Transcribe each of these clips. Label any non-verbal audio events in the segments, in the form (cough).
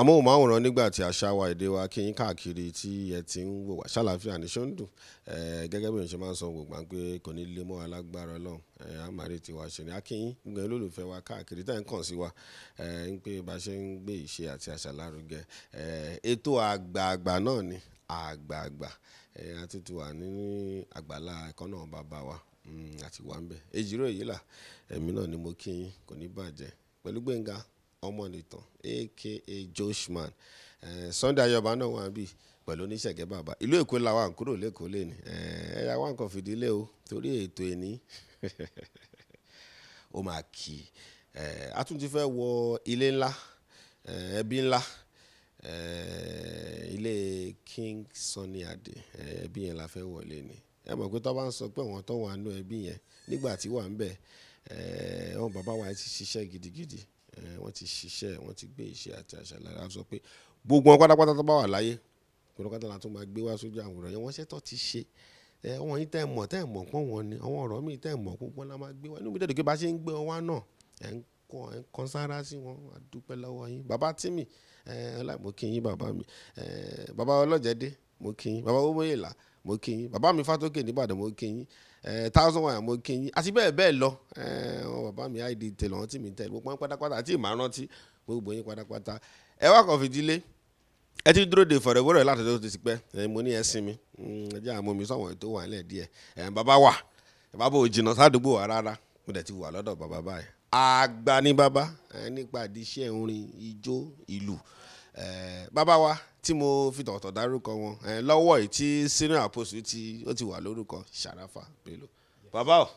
amóhùnmáwòrán nígbà tí àṣà wa èdè wa kí yín káàkiri tí ẹ ti ń wò wá ṣàlàfíà ní ṣóńdù gẹ́gẹ́ bí ìṣẹ́ máa ń sọ gbogbo pé kò ní lè mọ́ alágbára ọlọ́run àmàrí tiwa ṣe ni akínyín gbogbo olólùfẹ́ wa káàkiri tá ń kàn sí wa ń bá ṣe ń gbé ìṣe àti ni àgbààgbà àgbàlá wa àti hmm, wà ń èjìrò ni mo kí yín kò ní ọmọnìtàn aka joshman eh, sunday ayọba náà wà níbí pẹ̀lú oníṣẹ̀gẹ́ bàbá ìlú èkó la wà ń kúrò lẹ́kọ̀ọ́ lẹ́ni eh, ẹ̀yà wà ń kàn fìdílé o torí ètò ẹ̀ní (laughs) ó máa kì í eh, a fẹ́ wọ ilé ńlá ẹbí ńlá ilé king sunny adé ẹbí yẹn la fẹ́ wọlé ni ẹ mọ̀ pé tó bá ń sọ pé àwọn tó wà nínú ẹbí yẹn nígbà tí wà ń bẹ̀ ẹ̀ ọ́n bàbá wa ti ṣiṣẹ́ gidigidi wọ́n ti ṣiṣẹ́ wọ́n ti gbé iṣẹ́ àti àṣà lára sọ pé gbogbo wọn pátápátá tó bá wà láyé pátápátá la tó máa gbé wá sójú àwòrán yẹn wọ́n ṣẹ́tọ́ ti ṣe àwọn yìí tẹ́ mọ̀ tẹ́ mọ̀ pọ́n wọn ni àwọn ọ̀rọ̀ míì tẹ́ mọ̀ púpọ̀ la máa gbé wá inú mi dẹ̀dọ̀ pé bá ṣe ń gbé wá náà ẹ̀ ń kọ́ ẹ̀ ń kọ́ sára sí wọn a lọ́wọ́ yín bàbá tímì mo kí yín bàbá mi bàbá ọlọ́jẹ̀dé mo kí yín bàbá owóyèlà mo kí yín bàbá mi Eh, thousand one mo kí n yín àti bẹ́ẹ̀ bẹ́ẹ̀ lọ eh, bàbá mi àìdí tẹ̀lé wọn tí mi tẹ̀lé wọn pọ́n pátápátá àti ìmọ̀ rántí gbogbo yín pátápátá ẹ wá kàn fìdílé ẹ ti dúró de ìfọ̀rọ̀wérọ̀ láti ọjọ́ tó ti pẹ́ mo ní ẹ sinmi mm, ẹ jẹ́ àmọ́ mi sọ̀wọ́n tó wà nílẹ̀ díẹ̀ bàbá wà bàbá bò jìnnà sádùúgbò wa rárá mo dẹ̀ ti wà lọ́dọ̀ bàbá báyìí àgbà nípa àdìsẹ́ orin ijó ìlú bàbá wa tí mo fi tọ̀tọ̀ dárúkọ wọn lọ́wọ́ yìí tí senior apostle tí ó ti wà lórúkọ Sharafa Bello bàbá o.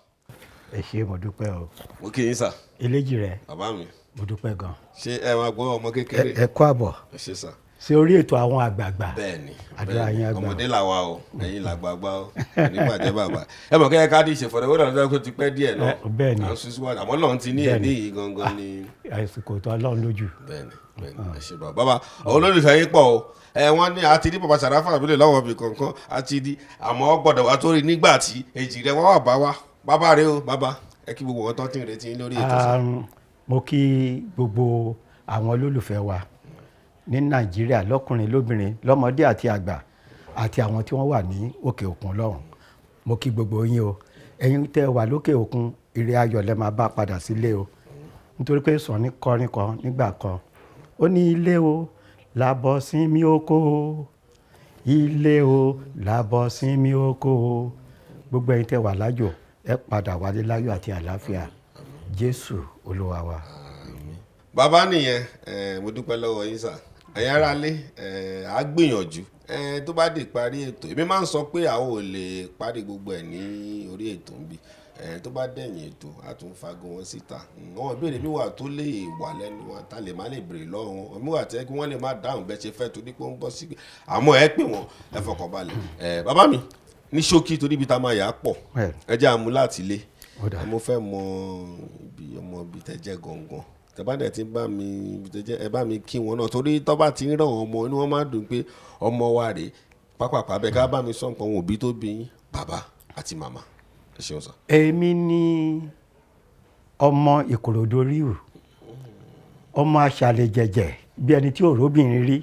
ẹ ṣe mo dúpẹ́ o. mo kì í sà. eléjì rẹ. bàbá mi. mo dúpẹ́ gan. ṣé ẹ máa gbọ́ ọmọ kékeré. ẹ kú àbọ̀. ẹ ṣe sà ṣe orí ètò àwọn àgbààgbà bẹ́ẹ̀ni bẹ́ẹ̀ni ọmọdé làwa o ẹ̀yin làgbàgbà o nígbàjẹ bàbá ẹ mọ kẹkẹ káàdì ìṣèfọdẹ wọn náà tó ti pẹ́ díẹ̀ náà bẹ́ẹ̀ni àwọn sísúwàdà àmọ́ náà ti ní ẹdí yìí Ah. ẹ ṣe bàbá bàbá olólùfẹ́ yín pọ̀ o ẹ wọ́n ní àti ní bàbá sàráfà àbílẹ̀ láwọn ibì kankan àti ní àmọ́ gbọ́dọ̀ wá torí nígbà tí èjì rẹ̀ wá wà bá wa bàbá rẹ o bàbá ẹ kí gbogbo wọn tó ti ń retí lórí ètò sọ. mo kí gbogbo àwọn olólùfẹ́ wa ní nàìjíríà lọ́kùnrin lóbìnrin lọ́mọdé àti àgbà àti àwọn tí wọ́n wà ní òkè òkun lọ́hùn mo kí gbogbo yín o ẹ̀yin tẹ́ wà lókè òkun ire ayọ̀ lẹ́ máa bá padà sílé o nítorí pé sọ̀ni kọrin kan nígbà kan ó ní ilé o làbọ̀sínmi oko o ilé o làbọ̀sínmi oko o gbogbo ẹ̀yin tẹ́ wà lájò ẹ padà wálé láyọ̀ àti àlàáfíà jésù olúwa wa. bàbá nìyẹn mo dúpẹ́ lọ́wọ́ yín sà ẹ̀yin aráalé á gbìyànjú tó bá di ìparí ètò èmi máa ń sọ pé àwọn ò lè parí gbogbo ẹ̀ ní orí ètò ń bì ẹ tó bá dẹ̀yìn ètò a tún fagun wọn síta àwọn ìbéèrè mi wà tó lè wà lẹ́nu wa ta lè má lè béèrè lọ́wọ́ wọn mi wà tẹ́ kí wọ́n lè má dáhùn bẹ́ẹ̀ ṣe fẹ́ torí pé ó ń bọ́ sí àmọ́ ẹ pè wọ́n ẹ fọkàn balẹ̀ ẹ bàbá mi ní ṣókí torí ibi tá a máa yà á pọ̀ ẹ jẹ́ àmú láti ilé mo fẹ́ mọ ibi ọmọ ibi tẹ́ jẹ́ gangan tẹ̀bádẹ̀ ti bá mi ẹ bá mi kí wọn náà torí tó bá ti ń ràn pápápá bẹ́ẹ̀ ká bá mi sọ nǹkan òbí tó bí yín bàbá àti màmá ẹ ṣeun sà. èmi ni ọmọ ìkòròdú ríru ọmọ aṣàlẹ̀ jẹ̀jẹ̀ bí ẹni tí òróbìnrin rí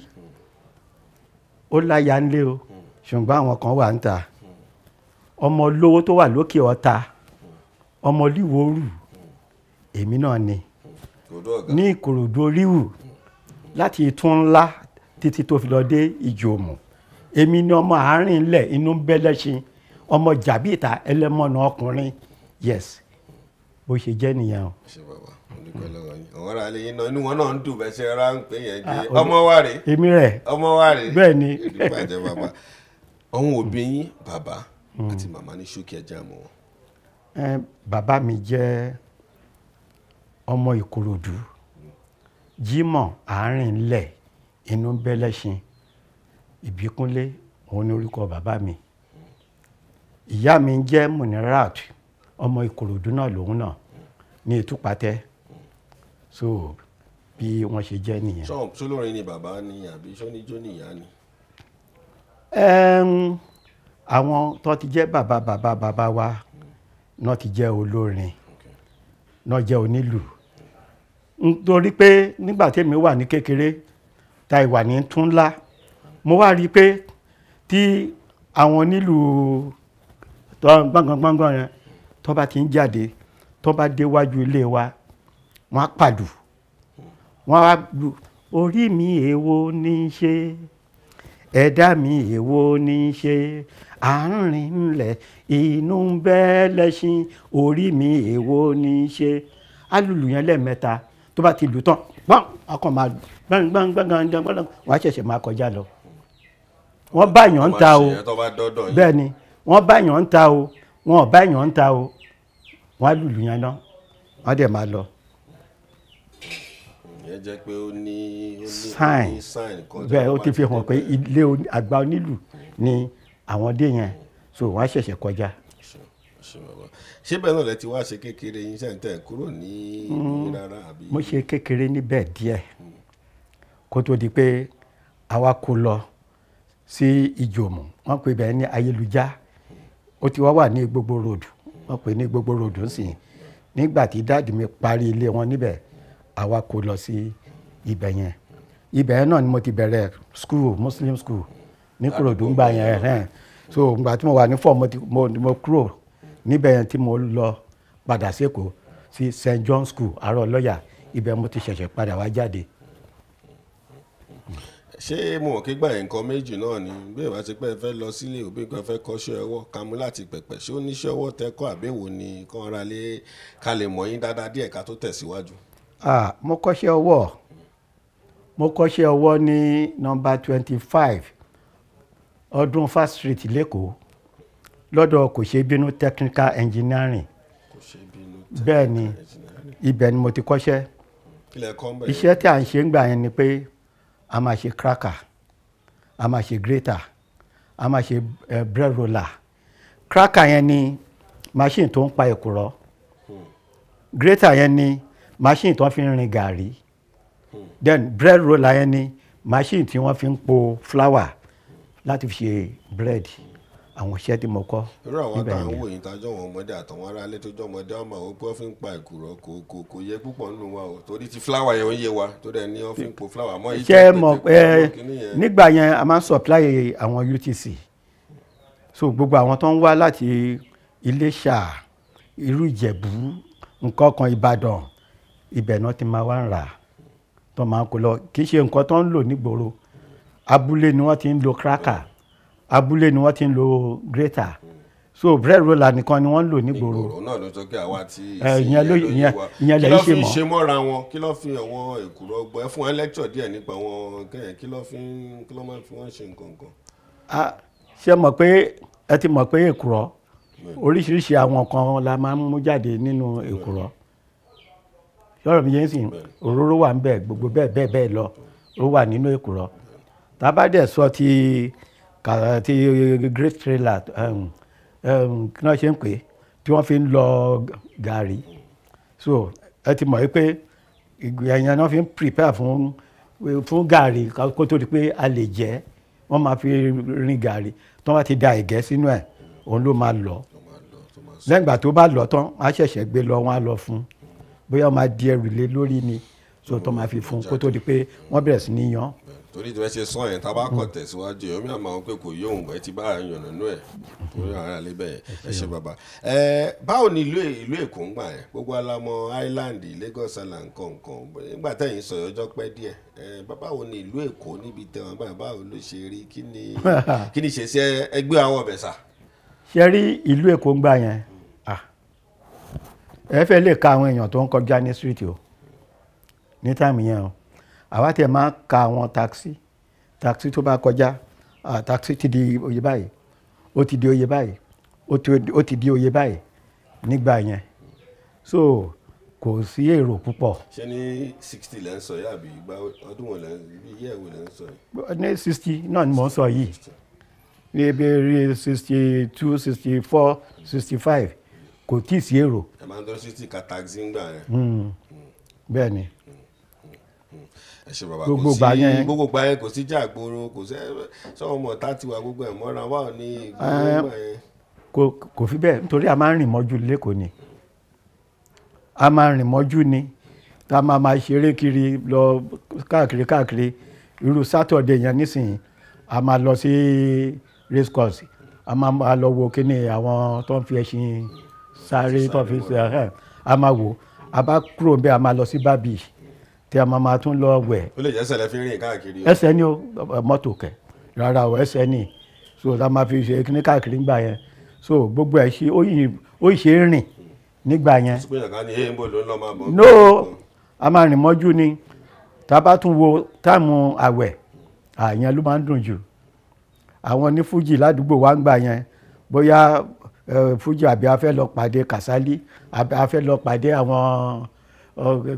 ó láya ńlé o ṣùgbọ́n àwọn kan wà ń ta ọmọ olówó tó wà lókè ọ̀ta ọmọ olíwòrú èmi náà ni ní ìkòròdú ríru láti ìtún ńlá títí tó fi lọ dé ìjòmù èmi ni ọmọ àárín ilẹ̀ inú ń bẹ́lẹ́ṣin ọmọ jàbíta ẹlẹ́mọ̀nà ọkùnrin yes bó ṣe jẹ́ nìyẹn o. ṣe bàbá àwọn ará ilé yín náà inú wọn náà ń dùn bẹ́ẹ̀ ṣe rárá ń pè yẹn jẹ ah, ọmọ wa rè èmi rẹ ọmọ wa rè bẹ́ẹ̀ ni ìdúpàjẹ́ bàbá ọ̀hún òbí yín bàbá hmm. àti màmá ní ṣókí ẹja mọ́ wọn. bàbá mi jẹ́ ọmọ Ìkòròdú Jímọ̀ àárín ńlẹ̀ inú bẹ́lẹ́ṣin Ìbíkúnlé òun ni orúkọ bàbá mi. Mm ìyá mi ń jẹ́ Munirat ọmọ Ìkòròdú náà lòun náà ní Ìtúpatẹ́ so bí wọ́n ṣe jẹ́ nìyẹn. sọ́ọ̀n sólórin ni bàbá ni àbí sọ́níjó ni ìyá ni. àwọn tó ti jẹ́ bàbá bàbá bàbá wa náà ti jẹ́ olórin náà jẹ́ onílù nítorí pé nígbà tèmi wà ní kékeré ta ìwà ní tún mo wá rí i pé tí àwọn onílù tó gbọ̀ngbọ̀ngbọ̀ngbọ̀n yẹn tó bá ti ń jáde tó bá déwájú ilé wa wọ́n á pàdù wọ́n á lu orí mi èwo ní í ṣe ẹ̀dá mi èwo ní í ṣe àárín ńlẹ̀ inú ń bẹ́ lẹ́ṣin orí mi èwo ní í ṣe alùlù yẹn lẹ́ẹ̀mẹ́ta tó bá ti lù tán gbọ́n ọkàn máa gbọ́ngbọ́ngbọ́ngbọ́n wàá ṣẹ̀ṣẹ̀ máa kọjá lọ wọ́n bá ń ta o bẹ́ẹ̀ ni wọ́n bá yàn ń ta o wọn ò ń ta o wọ́n á lùlù yẹn náà wọ́n dẹ̀ máa lọ ìyẹn jẹ́ pé ó ní sign bẹ́ẹ̀ ó ti fi hàn pé ilé àgbà onílù ni àwọn dé yẹn so wọ́n á ṣẹ̀ṣẹ̀ kọjá. ṣé bẹ́ẹ̀ náà lẹ ti wá ṣe kékeré yín ṣe ń tẹ̀ kúrò ní hmm. rárá àbí. mo ṣe kékeré níbẹ̀ díẹ̀ kó tó di pé àwa kó lọ sí ìjòmù wọ́n pè bẹ́ẹ̀ ní ayélujá ó ti wá wà ní gbogbo ròdù wọ́n pè ní gbogbo ròdù ń sìn nígbà tí dáàdì mi parí ilé wọn níbẹ̀ àwa kò lọ sí ibẹ̀ yẹn ibẹ̀ yẹn náà ni mo ti bẹ̀rẹ̀ school muslim school ní kúròdú ń gbà yẹn hẹ́n so ìgbà tí mo wà ní fọ́ mo kúrò níbẹ̀ yẹn tí mo lọ padà sí Èkó sí St John School àárọ̀ lọ́yà ibẹ̀ mo ti ṣẹ̀ṣẹ̀ padà wá jáde ṣé mo kí gbà nǹkan méjì náà ni bí ìwà ti pẹ́ fẹ́ lọ sílé òbí kan fẹ́ kọ́ṣẹ́ ọwọ́ kamú láti pẹ̀pẹ̀ ṣé ó níṣẹ́ ọwọ́ tẹ́kọ̀ àbẹ̀wò ni kán ra lé ká lè mọ̀ yín dáadáa díẹ̀ ká tó tẹ̀síwájú. mo kọ́ṣẹ́ ọwọ́ mo kọ́ṣẹ́ ọwọ́ ní nọ́mbà twenty five ọdún Fast Street lẹ́kọ̀ọ́ lọ́dọ̀ kò ṣe bínú technical engineering bẹ́ẹ̀ ni ibẹ̀ ni mo ti kọ́ṣẹ́ iṣẹ́ tí à ń ṣe ń gbà yẹn ni pé a máa ṣe cracker a máa ṣe grater a máa ṣe eh, bread roller cracker yẹn ni machine tó ń pa èkùrọ́ grater yẹn ni machine tó ń fi rin gàrí then bread roller yẹn ni machine tí wọ́n fi ń po flour láti fi ṣe bread. Hmm àwọn iṣẹ́ tí mo kọ́. irú àwọn àtàwọn owó yìí tájọ́ wọn ọmọdé àtàwọn aráalé tó jọ ọmọdé ọmọ àwọn pé wọ́n fi ń pa ìkùrọ̀ kò kò kò yẹ púpọ̀ nínú wa o torí ti fúláwà yẹn ó yé wa tó dẹ̀ ní wọ́n fi ń po fúláwà mọ́ ìjẹ́ ṣé mọ̀ pé nígbà yẹn a máa ń supply àwọn UTC so gbogbo àwọn tó ń wá láti Iléṣà irú Ìjẹ̀bú nǹkan kan Ìbàdàn ibẹ̀ náà ti máa wá ń rà tó máa ń kó lọ kì í ṣe nǹkan tó ń lò nígboro abúlé ni wọ́n ti ń lo cracker abúlé ni wọ́n ti ń lo grater so bread roller nìkan ni wọ́n ń lò nígboro. ìgboro náà ló sọ pé àwa ti eh, ìyẹn ló ìyẹn lè ṣe mọ́. kí ló fi ṣe mọ́ra wọn kí ló fi àwọn èkúrọ̀ ọgbọ́n ẹ fún ẹ lẹ́kṣọ̀ díẹ̀ nípa wọn kẹ́yìn kí ló fi kí ló máa fi wọ́n ṣe nǹkan kan. a ṣe mọ̀ pé ẹ ti mọ̀ pé èkúrọ̀ oríṣiríṣi àwọn kan la máa ń mú jáde nínú èkúrọ̀ lọ́rọ̀ mi yẹn sìn òróró wà ń bẹ gbogbo bẹ́ẹ̀ bẹ́ẹ̀ bẹ́ẹ̀ lọ ó wà nínú èkúrọ̀ tá sọ ti. So ti great trailer kí wọ́n ṣe ń pè tí wọ́n fi ń lọ gàrí so ẹ ti mọ̀ pé ẹ̀yàn náà fi ń prepare fún fún gàrí kó tó di pé a lè jẹ wọ́n máa fi rin gàrí tí wọ́n bá ti da ẹ̀gẹ́ sínú ẹ̀ òun ló máa lọ lẹ́yìn ìgbà tó bá lọ tán wọ́n ṣẹ̀ṣẹ̀ gbé lọ wọ́n á lọ fún bóyá wọ́n máa di ẹrù lé lórí ni so tó máa fi fún kó tó di pé wọ́n bẹ̀rẹ̀ sí ní yan torí ìdíwẹ́ ṣe sọ yẹn tábà kọ̀ tẹ̀síwájú yẹn omi àmọ́ pé kò yóò wẹ̀ tí bá yànnà nú ẹ̀ torí àwọn ará lébẹ̀ yẹn ẹ ṣe bàbá. ẹ báwo ni ìlú e-, ìlú Èkó ń gbà yẹn gbogbo alamọ Island Lagos Island kọ̀ọ̀kan nígbà tẹ̀yìn sọ̀rọ̀ ọjọ́ pẹ́ díẹ̀ ẹ báwo ni ìlú Èkó níbi tẹ̀wọ̀n gbà báwo ló ṣe rí kí ni (laughs) kí ṣe ẹgbẹ́ àwọn ọbẹ̀ sà. ṣe rí ìlú Èkó ń gbà yẹn hmm. ẹ street o ní táìmù yẹn o àwa tiẹ̀ máa ka àwọn taxi taxi tó bá kọjá taxi ti di oyè báyìí ó ti di oyè báyìí ó ti di oyè báyìí nígbà yẹn so kò sí èrò púpọ̀. ṣé ní sixty lẹ́ ń sọ yá àbí ìgbà ọdún wọn lẹ́ bí iye ẹ̀wò lẹ́ ń sọ yìí. ní sixty náà ni mò ń sọ yìí ní ebi rí sixty two sixty four sixty five kò tí ì sí èrò. ẹ máa ń dọ́ sixty ka taxi ń gbà yẹn. Hmm. bẹ́ẹ̀ ni gbogbo gbà yẹn gbogbo gbà yẹn kò sí jà gbòòrò kò sí sọ́wọ́n mọ̀ tá tiwa gbogbo ẹ̀ mọ́ra wà ní ìgbòho yẹn. kò fi bẹ́ẹ̀ nítorí a máa ń rìn mọ́jú lẹ́kọ̀ọ́ ni a máa ń rìn mọ́jú ni tá a máa máa ṣeré kiri lọ káàkiri káàkiri irú sátọ̀dé yẹn nísìnyí a máa lọ sí race course a máa máa lọ wo kíní àwọn tó ń fi ẹṣin sáré tó ń fi ṣe a máa wò a bá kúrò bẹ́ẹ̀ a máa lọ sí bábì tí a máa máa tún lọ wẹ̀. ó lè jẹ́ ẹsẹ̀ lẹ fi rìn káàkiri. ẹsẹ̀ ni o mọ́tò kẹ̀ rárá o ẹsẹ̀ ni so la máa fi ṣe kíní káàkiri ńgbà yẹn so gbogbo ẹ̀ ṣe ó ṣe é rìn nígbà yẹn. no a máa rìn mọ́jú ni tá a bá tún wo táìmù àwẹ̀ àyẹn ló máa ń dùn jù àwọn ní fújì ládùúgbò wa ń gbà yẹn bóyá fújì àbí a fẹ́ lọ pàdé kàsálí àbí a lọ pàdé àwọn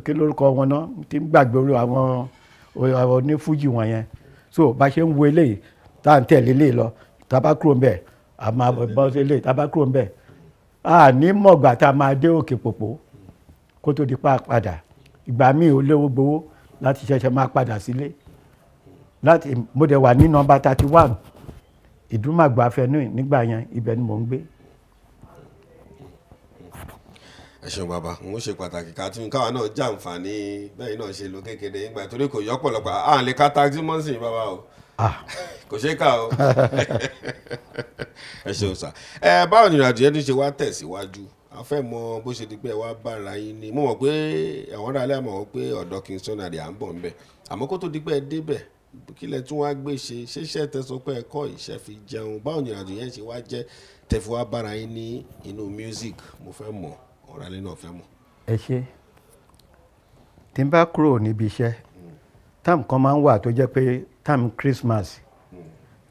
kí lórúkọ wọn náà tí ń gbàgbé orí àwọn onífújì wọn yẹn so bá ṣe ń wo eléyìí tá à ń tẹ̀lé eléyìí lọ tábà kúrò a máa bọ́ sí eléyìí tábà kúrò ń bẹ̀ a ní mọ̀gbà tá a máa dé òkè pòpò kó tó di pa padà ìgbà míì ó léwó gbowó láti ṣẹ̀ṣẹ̀ máa padà sílé láti mo dẹ̀ wà ní nọ́mbà thirty one ìdúmàgbà afẹ́nu nígbà yẹn ibẹ̀ ni mò ń gbé ẹ ṣeun bàbá n ó ṣe pàtàkì ká tún káwa náà jàǹfààní bẹ́ẹ̀ náà ṣe lo kékeré nígbà torí kò yọ pọ̀lọpọ̀ à ń lè ká táxi mọ́sìn bàbá o kò ṣeé kà o ẹ ṣeun sà ẹ báwo ni ìrìnàjò yẹn ti ṣe wá tẹ̀síwájú a mọ bó ṣe di pé ẹ wá bára yín ni mo mọ̀ pé àwọn ará ilé àmọ̀ pé ọ̀dọ́ King Sunny Adé à ń bọ̀ ńbẹ̀ àmọ́ kó tó di pé ẹ débẹ̀ kílẹ̀ tún wá gbé ṣe ṣeṣẹ́ tẹ̀sán pé ẹ̀kọ́ ìṣẹ́ fi jẹun báwo ni ìrìnàjò yẹn ṣe wá jẹ́ tẹ̀fọ́ wá bára yín ní inú music mo fẹ́ mọ̀ ọ̀rọ̀ alẹ́ náà fẹ́ mọ̀. ẹ ṣe tí n bá kúrò níbi iṣẹ́ táàmù kan máa ń wà tó jẹ́ pé táàmù Christmas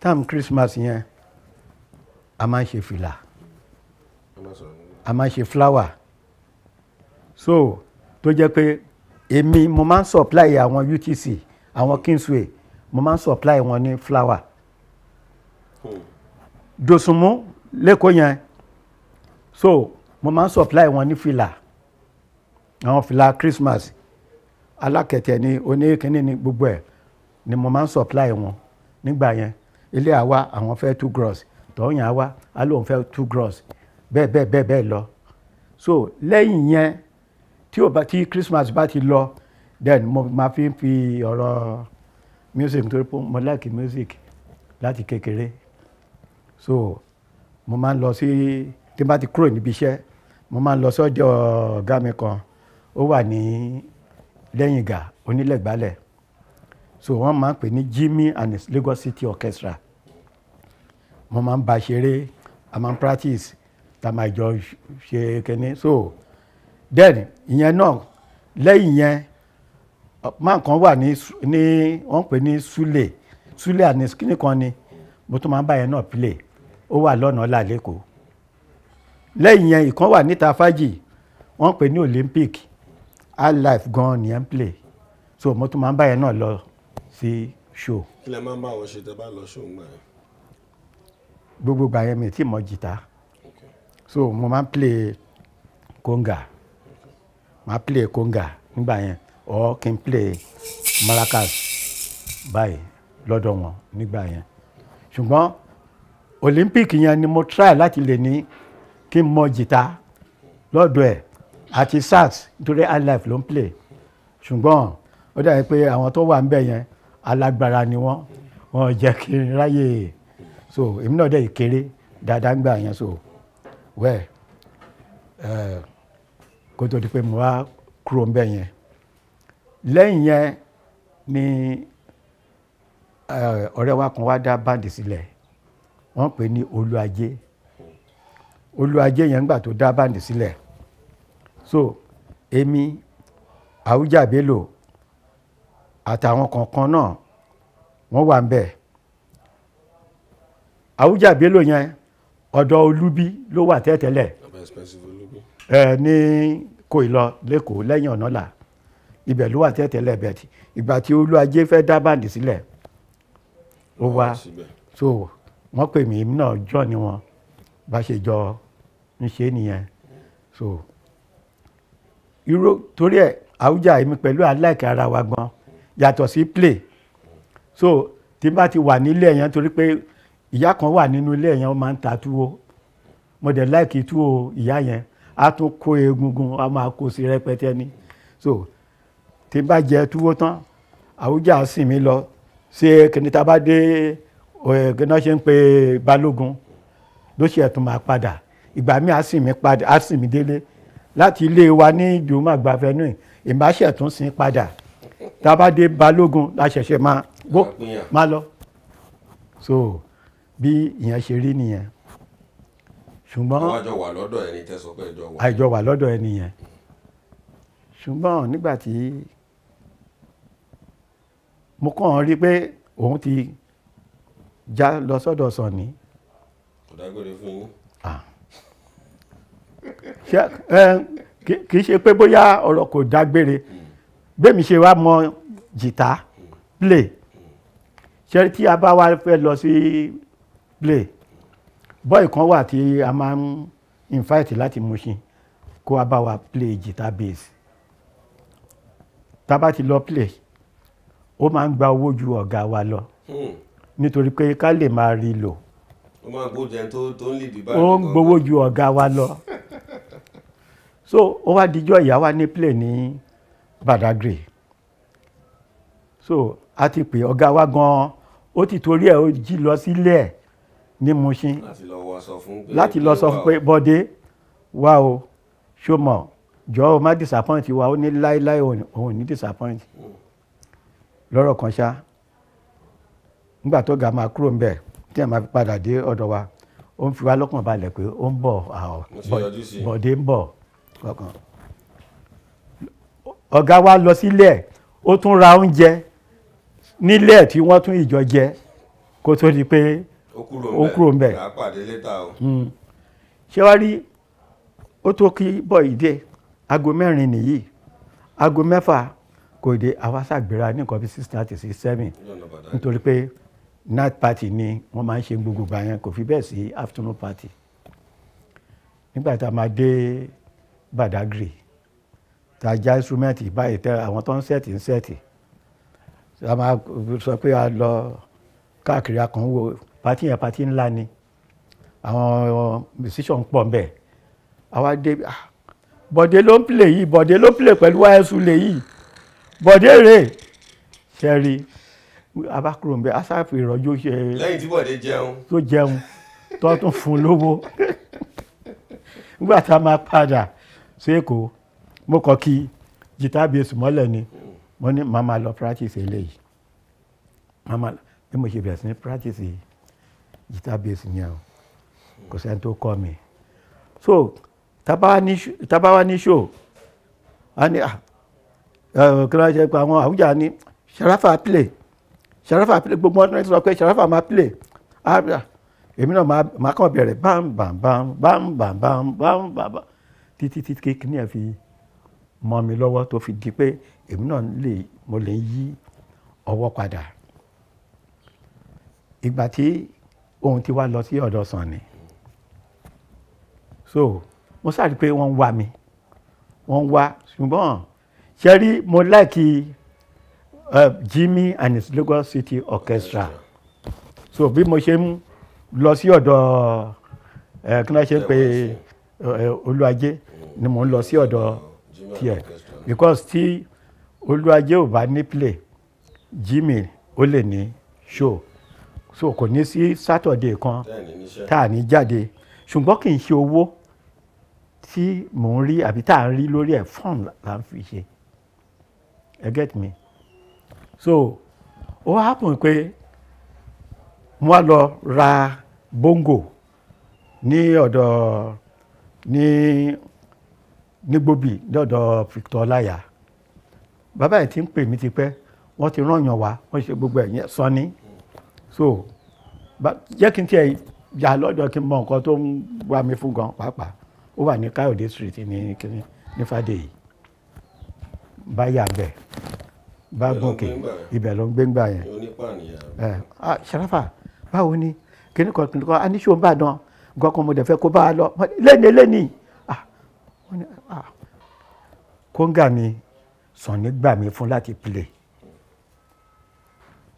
táàmù Christmas yẹn a máa ń ṣe fìlà a máa ń ṣe flower so tó jẹ́ pé èmi mo máa ń supply àwọn UTC àwọn Kingsway mo máa ń supply wọn ní flower hmm. Dosunmu lẹ́kọ̀ọ́ yẹn so mo máa ń supply wọn ní fìlà àwọn fìlà Christmas alákẹ̀tẹ̀ ni oníkíní ni gbogbo ẹ̀ ni mo máa ń supply wọn nígbà yẹn ilé àwa àwọn fẹ́ two gross tọ́yìn àwa alóhùn fẹ́ two gross bẹ́ẹ̀ bẹ́ẹ̀ bẹ́ẹ̀ bẹ́ẹ̀ lọ so lẹ́yìn yẹn tí o bá tí Christmas bá ti lọ then mo máa fi ń fi ọ̀rọ̀ music torí pé mo like music láti kékeré so mo máa ń lọ sí tí n bá ti kúrò níbi iṣẹ́ mo máa ń lọ sọ́jọ́ ọ̀gá mi kan ó wà ní lẹ́yìn ìgà onílẹ̀gbálẹ̀ so wọ́n máa ń pè ní Jimmy and his Lagos City Orchestra mo máa ń ba ṣeré a máa ń practice tá a máa jọ ṣe kínní so then ìyẹn náà lẹ́yìn yẹn máa kan wà ní ní wọ́n pè ní Sule Sule and his kínní kan ni mo tún máa ń bá yẹn náà play ó wà lọ́nà ọ̀la lẹ́kọ̀ọ́ lẹ́yìn yẹn ìkan wà níta fájì wọ́n pè ní olympic high life gan ni ẹ̀ play so mo tún máa ń bá yẹn náà lọ sí show. kí lẹ máa ń bá wọn ṣe tẹ bá lọ show gbà yẹn. gbogbo gbà yẹn mi ì mọ jìtá so mo máa ń play konga, máa play konga, nígbà yẹn or kí n play maracas báyìí lọ́dọ̀ wọn nígbà yẹn ṣùgbọ́n olympic yẹn ni mo try láti lè ní kí n mọ jìtá lọ́dọ̀ ẹ̀ àti sax nítorí highlife ló ń play ṣùgbọ́n ó dàbí pé àwọn tó wà ń bẹ̀ yẹn alágbára ni wọ́n wọ́n jẹ́ kí n ráyè so èmi náà dẹ̀ kéré dáadáa ń gbà yẹn so wẹ́ẹ̀ ẹ̀ eh, kó tó di pé mo wá kúrò ń bẹ̀ yẹn lẹ́yìn yẹn ni eh, ọ̀rẹ́ wa kan wá dá báǹdì sílẹ̀ wọ́n pè ní olú ajé olúwajé yẹn ńgbà tó dá báǹdì sílẹ̀ so èmi Awújà Bello àtàwọn kọ̀ọ̀kan náà wọ́n wà ń bẹ̀ Awújà Bello yẹn ọ̀dọ̀ olúbí ló wà tẹ́tẹ́lẹ̀ ẹ ní Kòìlọ lẹ́kọ̀ọ́ lẹ́yìn ọ̀nà là ibẹ̀ ló wà tẹ́tẹ́lẹ̀ bẹ̀ ìgbà tí olúwajé fẹ́ dá báǹdì sílẹ̀ ó wá so wọ́n pè mí náà jọ́ ni wọn bá ṣe jọ níṣẹ́ nìyẹn so irú torí ẹ̀ àwùjá èmi pẹ̀lú aláìka ara wa gan yàtọ̀ sí play so tí n bá ti wà nílé yẹn torí pé ìyá kan wà nínú ilé yẹn ó máa ń ta túwó mo dẹ̀ láìkí túwó ìyá yẹn á tún kó egungun á máa kó sí rẹpẹtẹ ni so tí n bá jẹ túwó tán àwùjá sìn mí lọ ṣé kìnìún tá a bá dé ọ̀ẹ́gẹ́ná ṣe ń pe balógun ló ṣe ẹ̀tún máa padà ìgbà mi á sìn mí padà á sìn mí délé láti ilé wa ní ìjòmọ̀ àgbàfẹ́ náà ìmáṣẹ̀ tún sin padà tá balógun la ṣẹ̀ṣẹ̀ máa gbó máa lọ so bí ìyẹn ṣe rí nìyẹn ṣùgbọ́n àjọ wà lọ́dọ̀ ẹni tẹ́ sọ pé ẹjọ́ wà àjọ wà lọ́dọ̀ ṣùgbọ́n nígbà tí mo kàn rí pé òun ti já lọ sọ́dọ̀ Sànní kò dágbére fún yín kì í ṣe pé bóyá ọ̀rọ̀ kò dágbére bẹ́ẹ̀mi ṣe wá mọ jìtá play ṣe tí a bá wá fẹ́ lọ sí play bọ́ì kan wà tí a máa ń invite láti Mushin kó wá bá wa play jìtá base tá a ti lọ play ó máa ń gba owó ju ọ̀gá wa lọ hmm. nítorí pé ká lè máa rí lò ó máa gbó jẹun tó tó ń lè dìbà. ó ń gbowó ju ọ̀gá wa lọ so ó wá dijọ́ ìyá wa ní play ní Badagry so a ti pè ọ̀gá wa gan-an ó ti torí ẹ̀ ó jí lọ sílé ẹ̀ ní Mushin láti lọ sọ fún pé bọ́dé wá o ṣó mọ̀ jọ̀ọ́ o má disappoint wa ó ní láéláé òun ní disappoint hmm. lọ́rọ̀ kan ṣá nígbà tó ga máa kúrò ń bẹ̀ tí a máa fi padà dé ọ̀dọ̀ wa ó ń fi wá lọ́kàn balẹ̀ pé ó ń bọ̀ àwọ̀ bọ̀dé ń bọ̀ kọ̀ọ̀kan. ọ̀gá wa lọ sílẹ̀ ó tún ra oúnjẹ nílẹ̀ tí wọ́n tún ìjọ jẹ kó tó di pé ó kúrò ńbẹ̀ hmm. ṣé wá rí ó tó kí bọ̀ ìdè aago mẹ́rin nìyí aago mẹ́fà kò dé àwa ṣàgbéra ní nǹkan bíi six thirty sí seven nítorí pé night party ni wọ́n máa ń ṣe gbogbo gbà yẹn kò fi bẹ́ẹ̀ sí afternoon party nígbà tá a máa dé Badagry tá a já instrument báyìí tẹ àwọn tó ń sẹ́ẹ̀tì ń sẹ́ẹ̀tì a máa sọ pé a lọ káàkiri akàn wo party yẹn party ńlá ni àwọn musician pọ̀ mbẹ̀ àwa dé ah, bọ̀dé ló ń play yìí bọ̀dé ló ń play pẹ̀lú wáyẹ̀sù lè yìí bọ̀dé rèé ṣẹ́rí abakuro ń bẹ asaf ìrọ̀jú ṣe. lẹ́yìn tí bọ̀dé jẹun. tó jẹun tó tún fún lówó nígbà tá a máa padà sí èkó mo kọ kí jìtá bíi èsù mọ́lẹ̀ ni mo ní màmá lọ practice eléyìí màmá bí mo ṣe bẹ̀rẹ̀ sí ní practice jìtá bíi èsù yẹn o kò sẹ́ni tó kọ́ mi so tabawa ní ṣò a ní ah, kí wọ́n ṣe pa àwọn àwùjá ní Sharafa play. Sharafa play gbogbo ọdún ẹ̀sìn sọ pé Sharafa máa play abia èmi náà máa kàn bẹ̀rẹ̀ bam bam bam bam bam bam bam bam titi títí kékeré ẹ̀ fi mọ́ mi lọ́wọ́ tó fi di pé èmi náà lè mo lè yí ọwọ́ padà ìgbà tí ohun ti wá lọ sí ọ̀dọ̀ sàn ni so mo sáré pé wọ́n ń wá mi wọ́n ń wá ṣùgbọ́n ṣe rí mo láìkí. Like uh, Jimmy and his Lagos City Orchestra so bí mo ṣe ń lọ sí ọ̀dọ̀ ẹ̀ uh, kí wọ́n ṣe ń pe uh, uh, Olúwajé ni mo ń lọ sí ọ̀dọ̀ tiẹ̀ because tí Olúwajé ò bá ní play Jimmy ó lè ní show so kò ní sí Saturday kan tá a ní jáde ṣùgbọ́n kì í ṣe owó tí mò ń rí àbí tá à ń rí lórí ẹ̀ fọ́ọ̀n là ń fi ṣe ẹ get me so ó happen pé mo wá lọ ra bongo ní ọ̀dọ̀ ní nígbòbí lọ́dọ̀ Victor Ọláyà bàbá ẹ̀ ti ń pè mí tipẹ́ wọ́n ti rányàn wá wọ́n ṣe gbogbo ẹ̀yìn ẹ̀sán ni so jẹ́ kí n tiẹ̀ yà lọ́dọ̀ kí n mọ nǹkan tó ń wá mi fún gan pàápàá ó wà ní Káyọ̀dé street ní kíní ní fàdé yìí báyà bẹ́ẹ̀ bá gòkè ibẹ̀ ló ń gbé ńgbà yẹn. ṣàràfà báwo ni kíní kan kìnìkan a ní ṣó ń bà dán gọkàn mo dẹ̀ fẹ́ kó bá a lọ lẹ́ni lẹ́ni kóńgà mi Sunny gbà mí fún láti play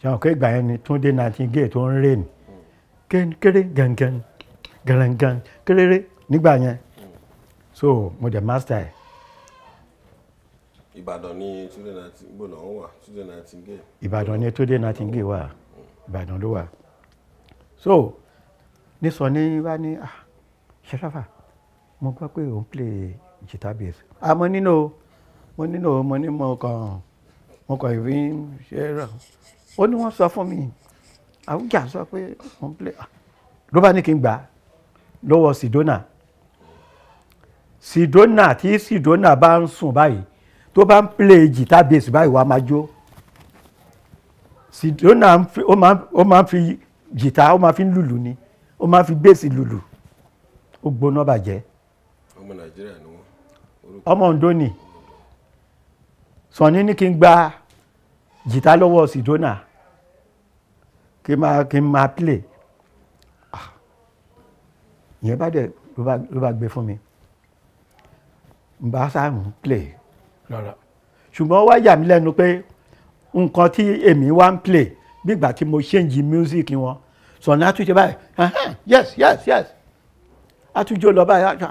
ṣàwọn kó ìgbà yẹn ni Túndé Nightingale tó ń rìn kéré gangan gangan kéré nígbà yẹn so mo dẹ̀ master ẹ̀ ìbàdàn ni túndé nàtìgbòlò ọ̀hún wà túndé nàtìgé. ìbàdàn ni túndé nàtìgé wà ìbàdàn ló wà so nísọ ní ni ah ṣẹṣàfà mo gbọ́ pé òun play base. bass àmọ́ nínú mo nínú mo ní mo kàn mo kàn ìwé ṣe rà ó ní wọ́n sọ fún mi àwùjá sọ pé òun play ah, ló bá ní kí n gbà lọ́wọ́ Sidona Sidona tí Sidona bá ń sùn báyìí tó bá ń play guitar bass báyìí wàá máa jó Sidona ó máa ń fi guitar ó máa fi ń lùlù ni ó máa fi bass lùlù ó gbóná bàjẹ́. ọmọ Nàìjíríà ni wọn. ọmọ Ondo ni Sọ̀ni ní kí n gba guitar lọ́wọ́ Sidona kí n máa kí n máa play ah. ìyẹn bá dẹ̀ ló bá gbé fún mi n bá sáà mú play ṣùgbọ́n ó wá yà mí lẹ́nu pé nǹkan tí èmi wá ń play bí ìgbà tí mo ṣéǹjì music wọn sọ̀nà àtúnṣe báyìí yes yes yes àtúnjó lọ báyìí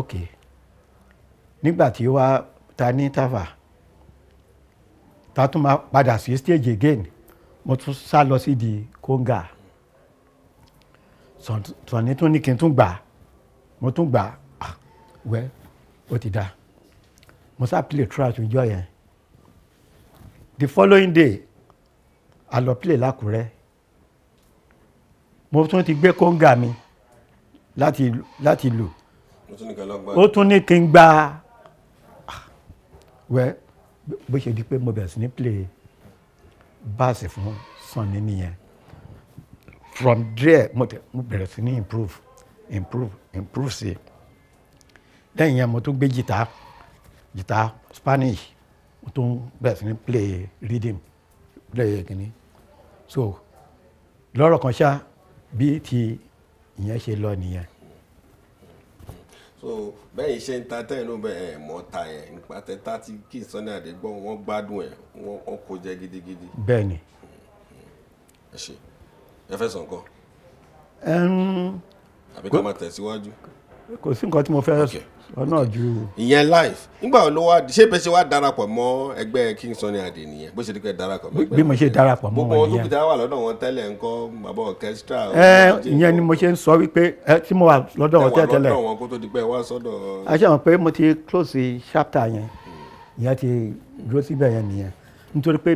ok nígbà tí ó wá ta ní tàfà ta tún máa padà sí stage again mo tún sá lọ sí di konga. sọ̀nì tún ní kí n tún gbà mo tún gbà ah, wẹ́ ó ti dáa. Must have play trash níjọ́ joy. the following day a lọ play lákùrẹ́ mo tún ti gbé kóńgà mi láti láti lò ó tún ní kí n gba we bó ṣe di pé mo bẹ̀rẹ̀ sí ní play báàsì fún Sunny nìyẹn from there mo bẹ̀rẹ̀ sí ní improve improve improve sí lẹ́yìn yẹn mo tún gbé jìtá guitar spanish ó tún bẹ̀rẹ̀ sí ní play rhythm play kìíní so lọ́rọ̀ kan ṣá bí ti ìyẹn ṣe lọ nìyẹn. so bẹ́ẹ̀ iṣẹ́ ń ta tẹ́yìn ló bẹ́ẹ̀ mọ́ ta yẹn nípa tẹ́tà tí kì í Sunday Adé gbọ́ wọ́n gbádùn ẹ̀ wọ́n kó jẹ́ gidigidi. bẹ́ẹ̀ ni. ẹ ṣe ẹ fẹ́ sọ nǹkan. àbí ká máa tẹ̀síwájú. kò sí nǹkan tí mo fẹ́ sọ ọ̀nà ju. ìyẹn life nígbà wo ló wá ṣé bẹ́ẹ̀ ṣe wá darapọ̀ mọ́ ẹgbẹ́ King Sunny Adé nìyẹn bó ṣe dikẹ́ darapọ̀ mọ́ ẹgbẹ́ bí mo ṣe darapọ̀ mọ́ wọn nìyẹn gbogbo olùkùtà wà lọ́dọ̀ wọn tẹ́lẹ̀ ńkọ́ bàbá orchestra. ẹ ìyẹn ni mo ṣe ń sọ wípé ẹ tí mo wà lọ́dọ̀ wọn tẹ́lẹ̀ tẹ́lẹ̀ wọn kó tó di pé wá sọ́dọ̀. a ṣe mọ̀ pé mo ti close chapter yẹn ìyẹn ti dúró síbẹ̀ yẹn nìyẹn nítorí pé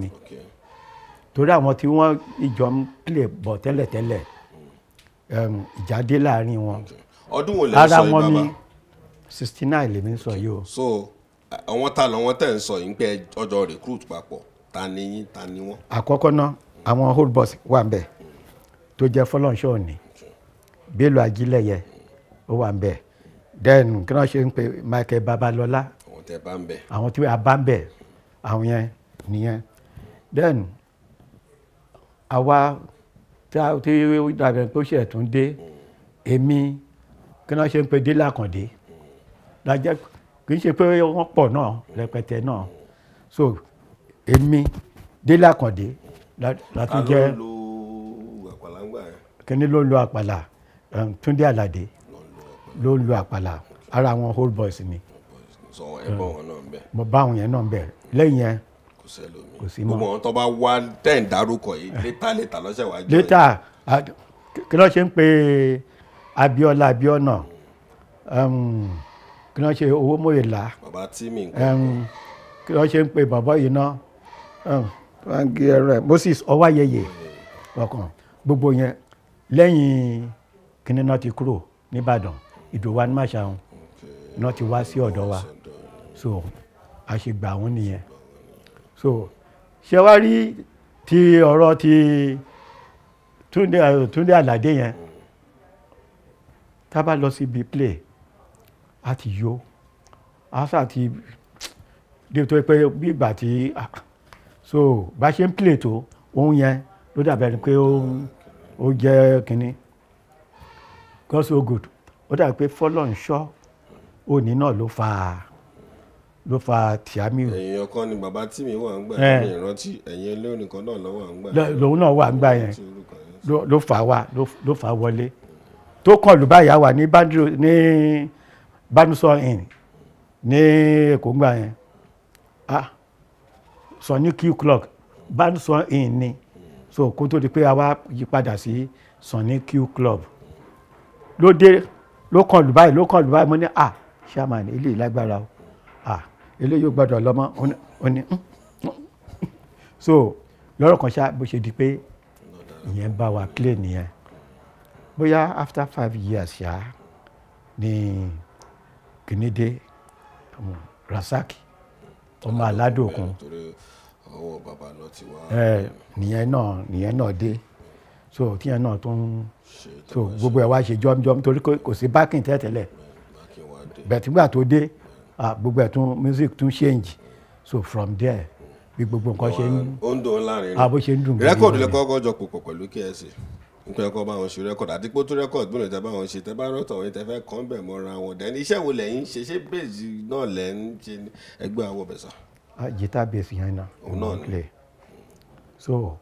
mi torí àwọn tí wọ́n ìjọ ń pilẹ̀ bọ̀ tẹ́lẹ̀tẹ́lẹ̀ um, ìjà dé láàrin wọn ọdún wo lè sọ yìí ara wọn ni sixty nine lèmi sọ yìí o. so àwọn ta làwọn tẹ̀ ń sọ yìí pé ọjọ́ recruit papọ̀ ta ni yín ta ni wọ́n. àkọ́kọ́ náà àwọn old boss wà ń bẹ̀ tó jẹ́ fọlọ́nṣọ́ òní bello ajílẹ̀yẹ ó wà ń bẹ̀ then kí wọ́n ṣe ń pe michael babalọ́lá àwọn tí a bá ń bẹ̀ àwọn yẹn nìyẹn then àwa tí ó dàbẹ̀ pé ó ṣẹ̀ tún dé èmi kí wọ́n ṣe ń pe délé àkàndé lájẹ́ kì í ṣe pé wọ́n pọ̀ náà rẹpẹtẹ náà so èmi délé àkàndé láti jẹ́ kíní ló lo àpàlà túndé àlàdé ló lo àpàlà ara àwọn old boys ni mo bá àwọn yẹn náà ń bẹ lẹ́yìn yẹn kò sẹ́lómi kò sí mọ́ gbogbo àwọn tó bá wá tẹ̀ ń dárúkọ yìí létà létà lọ́sẹ̀ wájú. létà kí ló ṣe ń pe Abíọ́lá Abíọ́nà kí ló ṣe owó mòyìnlá kí ló ṣe ń pe bàbá yìí ná Moses Ọwáyẹyẹ ọkàn gbogbo yẹn lẹ́yìn kíní náà ti kúrò nìbàdàn Ìdòwú Animáṣahùn náà ti wá sí ọ̀dọ̀ wa so a ṣe gbà wọ́n nìyẹn so ṣe wá rí ti ọ̀rọ̀ ti túndé túndé àlàdé yẹn tá a bá lọ síbi play a ti yó a ti débi tó pé bí ìgbà tí so bá ṣe ń play tó òun yẹn ló dàbẹ̀ pé ó jẹ́ kínní God so good ó dàbí pé fọlọ́nṣọ́ òní náà ló fà á ló fa tìámíù. èèyàn kan ni bàbá tí mi wà ń gbà ní ìrántí ẹ̀yìn olórin nìkan náà lọ́wọ́ à ń gbà. lòun náà wà ń gbà yẹn ló fà wá ló fà wọlé tó kàn lù báyà wà ní bandusọ inn ní èkó ń gbà yẹn ah sọ ní q clock bandusọ inn ni so kó tó di pé a wá yí padà sí sọ ní q club ló dé ló kàn lù báyìí ló kàn lù báyìí mo ní ah chairman eléyìí lágbára o eléyìí ò gbọ́dọ̀ lọ́mọ ó mm, mm, mm. so lọ́rọ̀ kan ṣá bó ṣe di pé ìyẹn bá wa play nìyẹn bóyá after five years ṣá ni kìnìdé rasaki ọmọ aládòkun ọwọ́ bàbá náà ti wá. ẹ nìyẹn náà nìyẹn náà dé so tíyẹn náà tó ń so gbogbo ẹ wá ṣe jọmjọm torí kò sí bákìn tẹ́tẹ́lẹ̀ tó dé Ah, gbogbo ẹ̀ tún music tún change so from there bí gbogbo nǹkan ṣe ń ó ń dùn láàrin rẹ àbó ah, ṣe ń dùn. rẹ́kọ̀dù lẹ́kọ́ kọ́ jọ pòpọ̀ pẹ̀lú KSC nípínlẹ̀ kọ́ bá wọn ṣe rẹ́kọ̀dù àti pé ó tún rẹ́kọ̀dù bí olùtẹ́ bá wọn ṣe tẹ́ bá rọ́tọ̀ wọn tẹ́ fẹ́ kàn bẹ̀ mọ́ra wọn dẹ́ni iṣẹ́ wo lẹ́yìn ṣe ṣé bèèzì náà lẹ́ ń ṣe ẹgbẹ́ àwọ̀ bẹ̀sà. jìtá ah, bèèzì yẹn náà òun náà ni so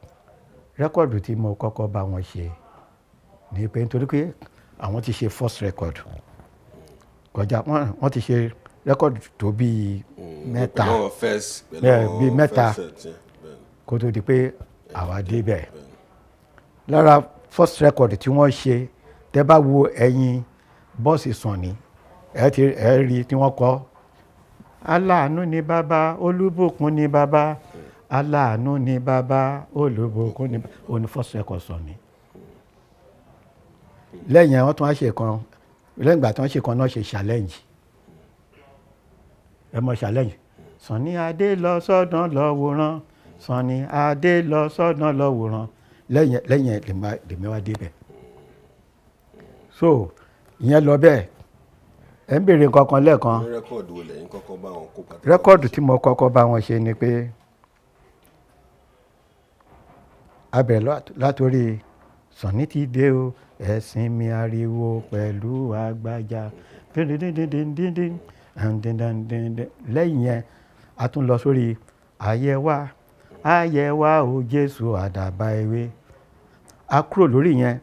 rẹ́kọ̀dù tí mo kọ́kọ́ bá wọn ṣe ni pé nítorí pé àwọn ti ṣe first record kọjá wọn ti ṣe rẹ́kọ̀dì tó bíi mm, mẹ́ta bíi mẹ́ta kó tó di pé àwa débẹ̀ lára first record tí wọ́n ṣe tẹ́ bá wo ẹ̀yìn bọ́ọ̀sì Sànní ẹ ti ẹ rí tí wọ́n kọ́ aláàánú ni bàbá olúbùkún ni bàbá aláàánú ni bàbá olúbùkún ni bàbá òní first record Sànní lẹ́yìn àwọn tó wá ṣe kan lẹ́yìn ìgbà tó wá ṣe kan náà ṣe challenge ẹ mọ ṣàlẹ́yìn Sunny Adé lọ sọ́dún lọ wòran Sunny Adé lọ sọ́dún lọ wòran lẹ́yìn lẹ́yìn lèmi wá so ìyẹn lọ bẹ́ẹ̀ ẹ ń béèrè kankan lẹ́ẹ̀kan rẹ́kọ̀dù tí mo kọ́kọ́ bá wọn ṣe ni pé a bẹ̀rẹ̀ látòrí Sunny ti dé o ẹ̀sìn mi ariwo pẹ̀lú agbájá díndíndíndíndíndín lẹ́yìn yẹn a tún lọ sórí àyẹ̀wá àyẹ̀wá o Jésù àdàbà ewé a kúrò lórí yẹn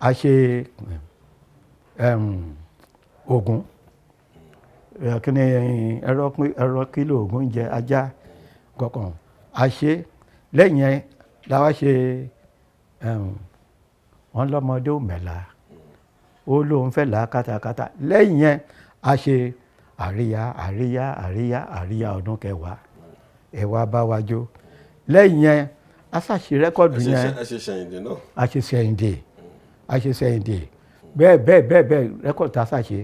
a ṣe ògùn kíni ẹ̀rọ kílò ògùn jẹ ajá kọ̀ọ̀kan a ṣe lẹ́yìn yẹn la wá ṣe wọn lọ́mọdé ò mẹ́la ó lóun fẹ́ là á lẹ́yìn yẹn a ṣe àríyá àríyá àríyá àríyá ọdún kẹwàá ẹ wá bá wa jó lẹ́yìn yẹn aṣáṣe rẹ́kọ̀dù yẹn àṣeṣẹ̀yìndè náà àṣeṣẹ̀yìndè àṣeṣẹ̀yìndè bẹ́ẹ̀ bẹ́ẹ̀ bẹ́ẹ̀ bẹ́ẹ̀ rẹ́kọ̀dù tá a ṣàṣe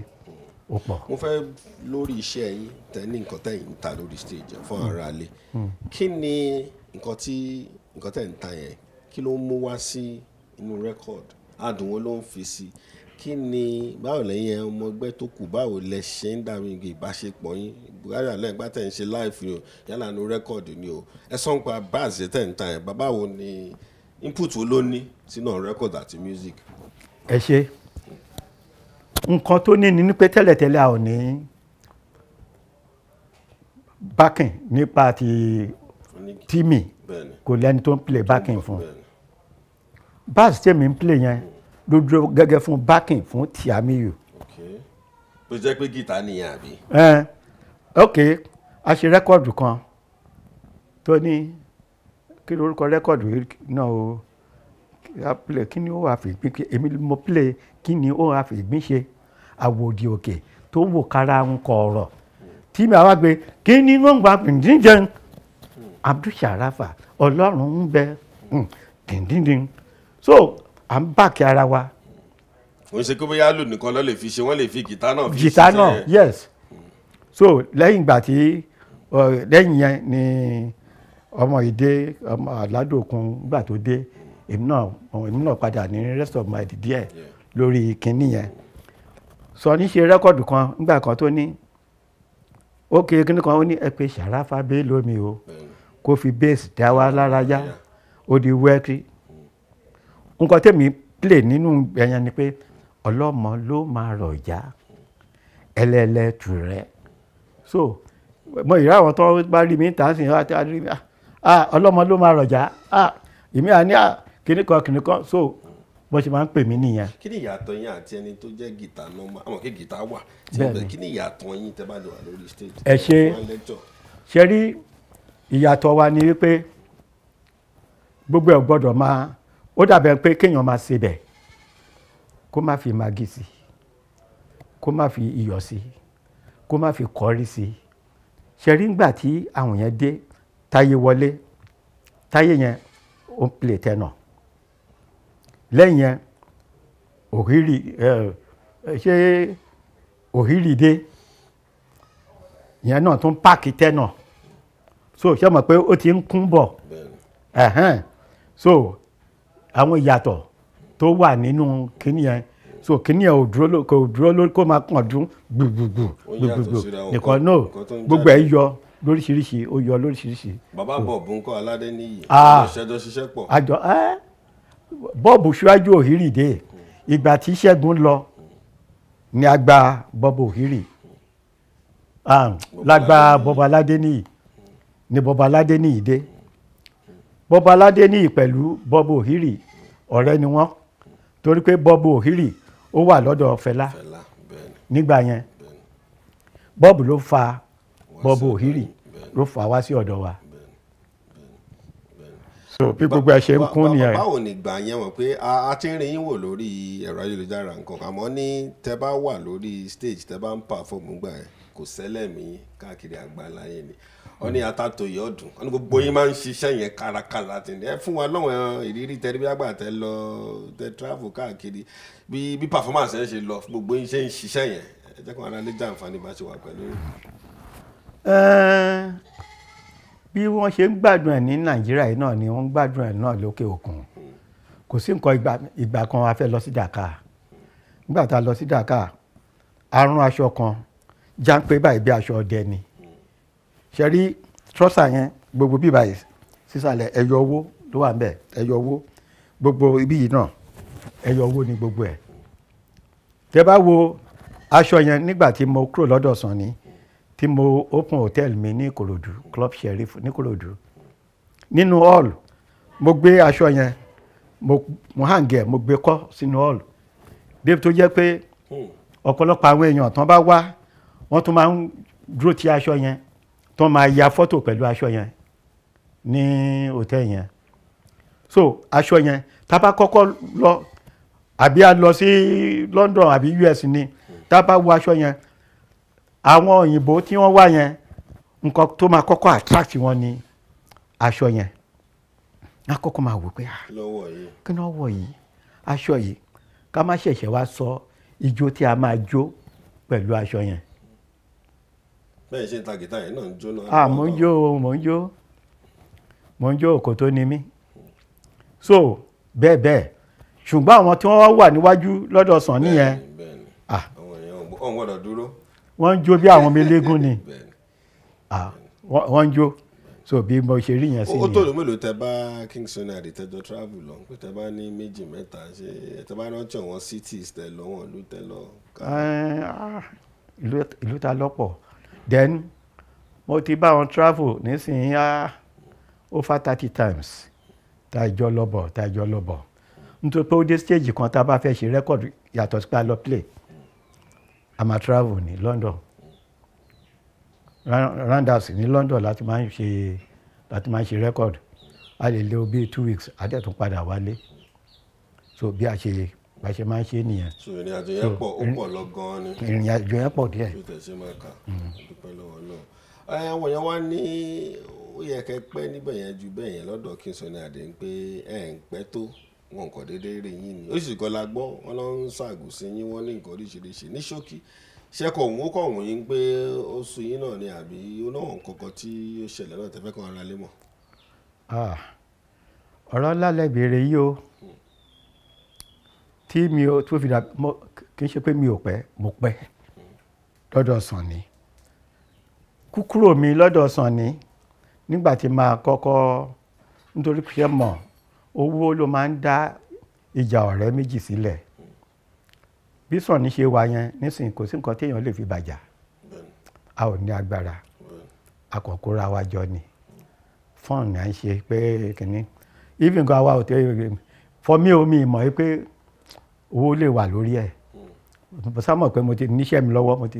ó pọ̀. mo fẹ́ lórí iṣẹ́ yín tẹ́lẹ̀ nǹkan tẹ̀ ń ta lórí stage fún mm. ara lé mm. kí ni nǹkan tí nǹkan tẹ̀ ń ta yẹn kí ló ń mú wá sí inú rẹ́kọ̀dù adùn wo ló ń fi sí i kí ni báwo lẹ́yìn ọmọ ẹgbẹ́ tó kù báwo lẹ ṣe ń dàbí ìbáṣepọ̀ yín Bùkárí Àlẹ́ ìgbà tẹ̀ ń ṣe láìfi o yálà nu rẹ́kọ̀dì ni o ẹ sọ pa báàsì tẹ̀ ń ta ẹ̀ bàbá wo ni input wo ló ní sínú rẹ́kọ̀dì àti music. ẹ ṣe nǹkan tó ní ni pé tẹ́lẹ̀tẹ́lẹ̀ a ò ní backing nípa ti tíìmì kò lẹ́ni tó ń play backing fún bass tèmi ń play yẹn. Mm ló dúró gẹ́gẹ́ fún backing fún Tìámíyù. tó jẹ́ pé gìtá nìyẹn àbí. ok a ṣe rẹ́kọ̀dù kan tó ní kí lórúkọ rẹ́kọ̀dù náà o play kí ni ó wà fìgbín ṣe èmi mo play kí ni ó wà fìgbín ṣe àwòdì òkè tó wò kára ń kọ ọ̀rọ̀ tí mi àwa gbé kí ni wọ́n gba pìndínjẹun Abdul Sharafa ọlọ́run ń bẹ hmm. dìndíndín so à ń bàkì ara wa. ó ṣe kí bóyá lù nìkan ló lè fi ṣe wọ́n lè fi gìtá náà fi ṣiṣẹ́. gìtá náà yes so lẹ́yìn ìgbà tí lẹ́yìn yẹn ni ọmọ ìdè ọmọ aládòkun gbà tó dé èmi náà èmi náà padà ní rest of my day, díẹ̀ lórí kinní yẹn sọ ní ṣe rẹ́kọ̀dù kan nígbà kan tó ní ó kéré kinní kan ó ní ẹ pé Sàráfà Bello mi o kó fi bass dá wa lára yá ó di wẹ́ẹ́kì nǹkan tèmi play nínú ẹ̀yàn ni pé ọlọ́mọ ló máa rọ̀jà ẹlẹ́lẹ́ tù rẹ̀ so mo ìrá àwọn tó bá rí mi tà sí àti àdúrí mi ah, ah ọlọ́mọ ló máa rọ̀jà ah èmi àní ah kìnnìkan kìnnìkan so bó ṣe máa ń pè mí nìyẹn. kí ni ìyàtọ̀ yín àti ẹni tó jẹ́ gìtà nọ́mbà àwọn kí gìtà wà kí ni ìyàtọ̀ yín tẹ́ bá lè wà lórí stage. ẹ ṣe ṣe rí ìyàtọ̀ wa ni wípé gbogbo ẹ̀ gbọ́dọ̀ máa ó dàbẹ̀ pé kéèyàn máa ṣe bẹ̀ kó má fi magi sí kó má fi iyọ̀ sí kó má fi kọ́rí sí ṣẹ̀rí ńgbà tí àwọn yẹn dé táyé wọlé táyé yẹn ó plè tẹnà lẹ́yìn yẹn òhìrì ṣé òhìrì dé yẹn náà tún páàkì tẹnà so ṣé mọ̀ pé ó ti ń kún bọ̀ so àwọn ìyàtọ̀ tó wà nínú kíní yẹn so kíní yẹn ò dúró kò dúró lórí kó máa kàn dún gbùgbùgbù gbùgbùgbù nìkan náà gbogbo ẹ̀ yọ lóríṣiríṣi ó yọ lóríṣiríṣi. bàbá bọ̀ọ̀bù ńkọ́ aládé níyì ah. ìṣẹ́jọ́ ṣiṣẹ́ pọ̀. àjọ ẹ́ bọ́ọ̀bù ṣíwájú òhìrìdè ìgbà tí ṣẹ́gun lọ ni a gba bọ́ọ̀bù òhìrì lágbà bọ́ọ̀bù aládé níyì ni bọ́ọ̀bù aládé níyì dé bọ́ọ̀bù aládé níyì pẹ̀lú bọ́ọ̀bù òhìrì ọ̀rẹ́ ni wọ́n torí pé Bob Ohiri ó wà lọ́dọ̀ Fẹlá nígbà yẹn Bob ló fa Bob Ohiri ló fà wá sí ọ̀dọ̀ wa. so bí gbogbo ẹ ṣe ń kún nìyẹn. báwo ni ìgbà yẹn wọ̀ pé a ti ń rin yín wò lórí ẹ̀rọ ayélujára nǹkan àmọ́ ní tẹ bá wà lórí stage tẹ bá ń perform gbà yẹn kò sẹ́lẹ̀mí káàkiri àgbáńlá yẹn ni wọ́n ní Atatoye Odun wọ́n ní gbogbo yín máa ń ṣiṣẹ́ yẹn kárakára tì ní ẹ fún wa lọ́wọ́ ìrírí tẹ tẹ lọ tẹ travel káàkiri bí bí performance ẹ ṣe lọ gbogbo yín ṣe ń ṣiṣẹ́ yẹn ẹ jẹ́ kó ara lè já àǹfààní bá ṣe wà pẹ̀lú. bí wọ́n ṣe ń gbádùn ẹ̀ ní Nàìjíríà yìí náà ni wọ́n ń gbádùn ẹ̀ náà lókè òkun kò sí nǹkan ìgbà kan a fẹ́ lọ sí Dakar nígbà tá a lọ sí Dakar a rán aṣọ kan jáńpé báyìí bí aṣọ ọdẹ ni ṣe rí trọ́sà yẹn gbogbo bíbá yìí sísàlẹ̀ ẹyọ owó ló wà ńbẹ̀ ẹyọ owó gbogbo ibi yìí náà ẹyọ owó ni gbogbo ẹ̀ tẹ́ bá wo aṣọ yẹn nígbà tí mo kúrò lọ́dọ̀ ni tí mo open hotel mi ní Ìkòròdú club sheriff ní Ìkòròdú nínú hall mo gbé aṣọ yẹn mo mo mo gbé kọ́ sínú hall débi tó jẹ́ pé hmm. ọ̀pọ̀lọpọ̀ àwọn èèyàn tán bá wá wọ́n tún máa ń dúró ti aṣọ yẹn tó máa ya fọ́tò pẹ̀lú aṣọ yẹn ní hòtẹ́ẹ̀lì yẹn so aṣọ yẹn tá bá kọ́kọ́ lọ àbí a lọ sí London àbí US ni tá bá wo aṣọ yẹn àwọn òyìnbó tí wọ́n wá yẹn nǹkan tó máa kọ́kọ́ attract wọn ni aṣọ yẹn akọ́kọ́ máa wò pé ah, kí ni wọ́n wọ̀ yìí aṣọ yìí ká má ṣẹ̀ṣẹ̀ wá sọ ijó tí a máa jó pẹ̀lú aṣọ yẹn bẹ́ẹ̀ ṣe ń ta gìtá yẹn náà ń jó náà. ah mò ń jó o mò ń jó mò ń jó òkò tó ni mí so bẹ́ẹ̀ bẹ́ẹ̀ ṣùgbọ́n àwọn tí wọ́n wà níwájú lọ́dọ̀ sàn nìyẹn ah wọ́n ń jó bí àwọn ọmọ eléégún ni ah (laughs) wọ́n ń jó so bí mo ṣe rí yẹn sí nìyẹn. o tó ló mélòó tẹ bá king sonari tẹjọ travel lọ pé tẹ bá ní méjì mẹ́ta ṣe tẹ bá rántí àwọn cities tẹ lọ wọn ìlú tẹ lọ. ìlú ta lọ́pọ̀ then mo ti bá wọn travel nísìnyí á over thirty times tá a jọ lọ bọ̀ tá a jọ lọ nítorí pé ó dé stage kan tá a bá fẹ́ ṣe record yàtọ̀ sí pé a lọ play a máa travel ní London roundhouse ní London láti máa ń ṣe láti máa ń ṣe record a lè lo bíi two weeks a dẹ̀ tún padà wálé so bí a ṣe bá ṣe máa ń ṣe nìyẹn. so ìrìn àjò yẹn pọ̀ ó pọ̀ lọ gan ni. ìrìn àjò yẹn pọ̀ díẹ̀. bí tẹ̀sí máa kà dúpẹ́ lọ́wọ́ náà. àwọn èèyàn wá ní ó yẹ kẹ́ pẹ́ níbẹ̀ yẹn ju bẹ́ẹ̀ yẹn lọ́dọ̀ kí n sọ ní àdé ń pé ẹ̀ ń pẹ́ tó wọn kò déédéé rí yín ni ó sì kọ́ la gbọ́ wọn lọ ń ṣàgùn sí yín wọn ní nǹkan oríṣiríṣi ní ṣókí ṣẹkọ̀ òun ó kọ̀ wọ́n yín pé ó sú yín náà ni àbí ó náà wọn kankan tí ó ṣẹlẹ̀ náà tẹ́fẹ́ kan ara lé mọ̀. Ah, ọ̀rọ̀ lálẹ́ bèrè yìí o tí mi ò tó fi dà mọ kì í ṣe pé mi ò pẹ́ mo pẹ́ lọ́dọ̀ Sànní kúkúrò mi lọ́dọ̀ Sànní nígbà tí máa kọ́kọ́ nítorí pé mọ̀ owó ló máa ń dá ìjà ọ̀rẹ́ méjì sílẹ̀ bí Sànní ṣe wà yẹn nísìnyí kò sí nǹkan téèyàn lè fi bàjá a ò ní agbára a kàn wa jọ ni fọ́ọ̀nù à ń ṣe pé kìnní even go awa hotel for me o mi mọ̀ pé owó lè wà lórí ẹ̀ mo sámọ̀ pé mo ti níṣẹ́ mi lọ́wọ́ mo ti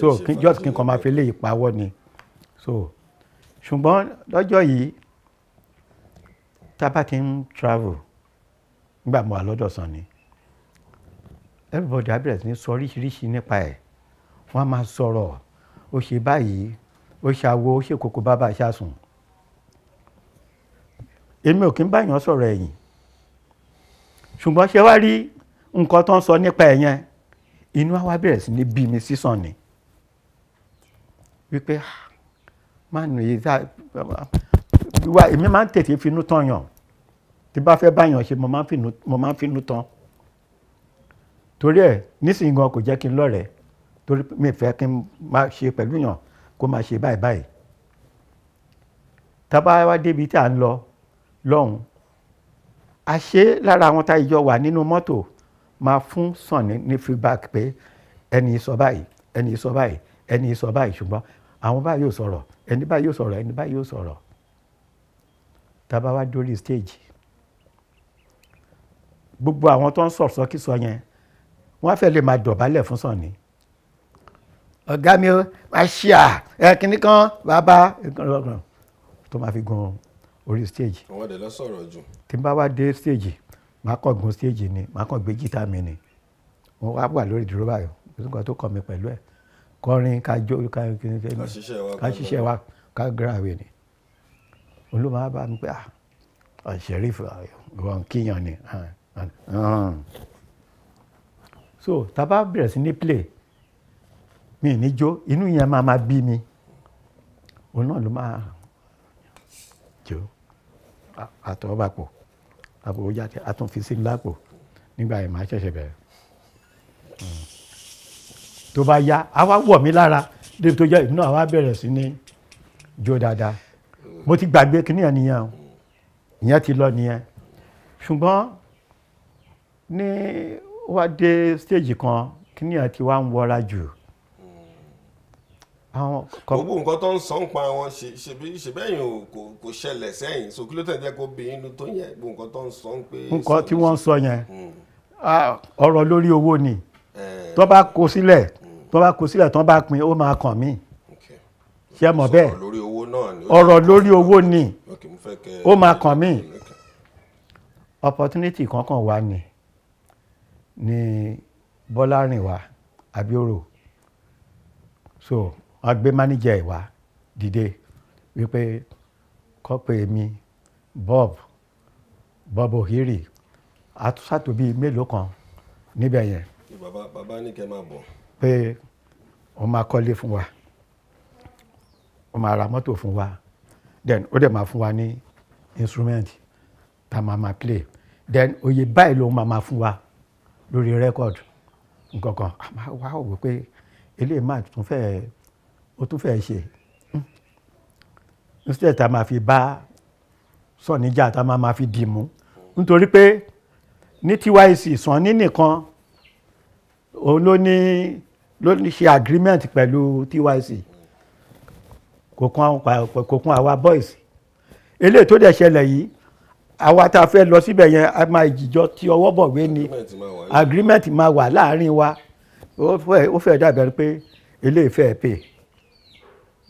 so just kí n kàn máa fi lè pawọ́ ni so ṣùgbọ́n lọ́jọ́ yìí tá a bá ti ń travel nígbà mo wà lọ́dọ̀ sàn ni everybody abẹ́rẹ́ sí ní sọ oríṣiríṣi nípa ẹ̀ wọ́n á máa sọ̀rọ̀ ó ṣe báyìí ó ṣàwo ó ṣe kókó bàbá ṣàsùn èmi ò kí ń báyàn sọ̀rọ̀ ẹ̀yìn ṣùgbọ́n ṣe wá rí nǹkan tó ń sọ nípa ẹ̀ yẹn inú àwa bẹ̀rẹ̀ sí ní bí mi sísàn ni wípé ah, má nù yìí tá wá èmi máa ń tètè finú tán yàn tí bá fẹ́ báyàn ṣe mo máa ń finú tán torí ẹ̀ nísìnyí gan kò jẹ́ kí n lọ́rẹ̀ẹ́ torí mi fẹ́ kí n máa ṣe pẹ̀lú yàn kó máa ṣe báyìí báyìí tá wá débi tí à ń lọ lọ́hùn àṣé lára àwọn tá ìjọ wà nínú mọ́tò máa fún Sànní ní feedback pé ẹni sọ báyìí ẹni sọ báyìí ẹni sọ báyìí ṣùgbọ́n àwọn báyìí ò sọ̀rọ̀ ẹni báyìí ò sọ̀rọ̀ ẹni báyìí ò sọ̀rọ̀ tá a bá wá dórí stage gbogbo àwọn tó ń sọ̀sọ́kísọ yẹn wọ́n fẹ́ lè máa dọ̀bálẹ̀ fún Sànní ọ̀gá mi ó máa ṣíà ẹ̀ kìnnìkan bàbá tó máa fi gun orí stage. àwọn ọ̀dẹ̀ lọ sọ̀rọ̀ jù. tí n bá wá dé stage màá kàn gun stage ni màá kàn gbé gítà mi ni mo wá wà lórí dúró báyọ̀ kò sí nǹkan tó kàn mí pẹ̀lú ẹ̀ kọrin ká jó ká ṣiṣẹ́ wa ká gíràwé ni olóòmà bá mi pé à ah, ọ̀ṣẹ̀rí ah, ah, ìwọ kíyàn ni so tá bẹ̀rẹ̀ sí ní play mi ní jó inú yẹn máa ma bí mi òun náà ló máa jó àtọ́bàpọ̀ àbòwò jáde àtúnfi sí lápò nígbà yẹn máa ṣẹ̀ṣẹ̀ bẹ̀rẹ̀ hmm. tó bá yá àwa wọ̀ mí lára débi tó jẹ́ ìdúná àwa bẹ̀rẹ̀ sí ní jó dáadáa mo ti gbàgbé kíní ẹ̀ nìyẹn o ìyẹn ti lọ nìyẹn ṣùgbọ́n ní wá dé stage kan kíní ẹ̀ ti wá ń wọra jù àwọn kan. gbogbo nǹkan tó ń sọ ń pa àwọn ṣèbí ṣèbẹ́yìn kò kò ṣẹlẹ̀ sẹ́yìn so kí ló tẹ̀ jẹ́ kó bí inú tó yẹ gbogbo nǹkan tó ń sọ ń pé. nǹkan tí wọ́n ń sọ yẹn hmm. ọ̀rọ̀ lórí owó ni tó bá kó sílẹ̀ hmm. tó bá kó sílẹ̀ tó bá pín ó máa kàn mí ṣe mọ̀ bẹ́ẹ̀ ọ̀rọ̀ lórí owó ni ó máa kàn mí opportunity kankan wà ní ní Bọ́lárìnwá Abíọ́rò so wọ́n gbé mánéjà ìwà dìde wípé kọ́ pé mi Bob Bob Ohiri àtúnṣàtò bíi mélòó kan níbẹ̀ yẹn. bàbá bàbá ní kẹ́ máa bọ̀. pé ó máa kọ́lé fún wa ó máa ra mọ́tò fún wa then ó dẹ̀ máa fún wa ní instrument tá a máa máa play then oyè báyìí ló máa máa fún wa lórí record nǹkan kan àmọ́ wàá wò pé eléyìí máa tún fẹ́ẹ́ o tún fẹ́ ṣe instead tá a máa fi bá sọ̀níjà tá a máa fi dì mú nítorí pé ní TYC Sanni nìkan òun ló ní ló ní ṣe agreement pẹ̀lú TYC kò kún àwa boys eléyìí tó dẹ̀ ṣẹlẹ̀ yìí àwa tá a fẹ́ lọ síbẹ̀ yẹn a máa jìjọ tí ọwọ́ bọ̀ wé ni agreement máa wà láàárín wa ó fẹ́ dàbẹ̀ pé eléyìí fẹ́ pè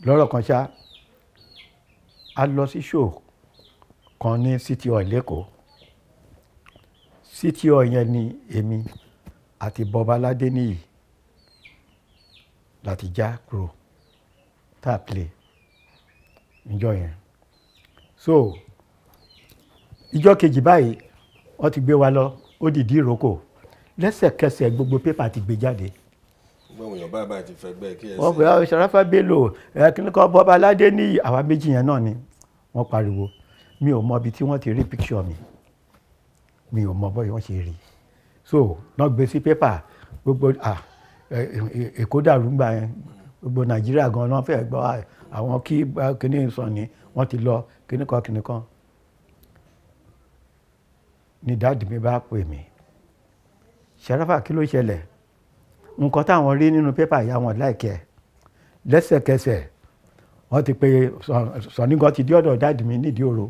lọ́rọ̀ kan ṣá a lọ sí show kan ní city oil lẹ́kọ̀ọ́ city oil yẹn ni èmi àti bọba aládé nìyí láti já kúrò tá a play níjọ yẹn so ìjọ kejì báyìí wọ́n ti gbé wa lọ ó dìdí ìrókò lẹ́sẹ̀kẹsẹ̀ gbogbo pépà ti gbé jáde wọ́n pè é Sàràfà Bello kíníkan Bọ́ba Aládé ní àwa méjì yẹn náà ni wọ́n pariwo mi ò mọ ibi tí wọ́n ti rí picture mi mi ò mọ bọ́yọ̀ wọ́n ṣe rí so náà gbé sí pépà gbogbo èkó dàrú gbà yẹn gbogbo Nàìjíríà gan náà fẹ́ gbọ́ àwọn kí kíní sọ ni wọ́n ti lọ kíníkan kíníkan ni dáàdì mi bá pè mí Sàràfà kí ló ṣẹlẹ̀ nǹkan táwọn rí nínú pépà ìyá wọn láìkẹ́ lẹ́sẹ̀kẹsẹ̀ wọ́n ti pe sọ̀nìgàn ti dí ọ̀dọ̀ dáàdì mi nídìí òro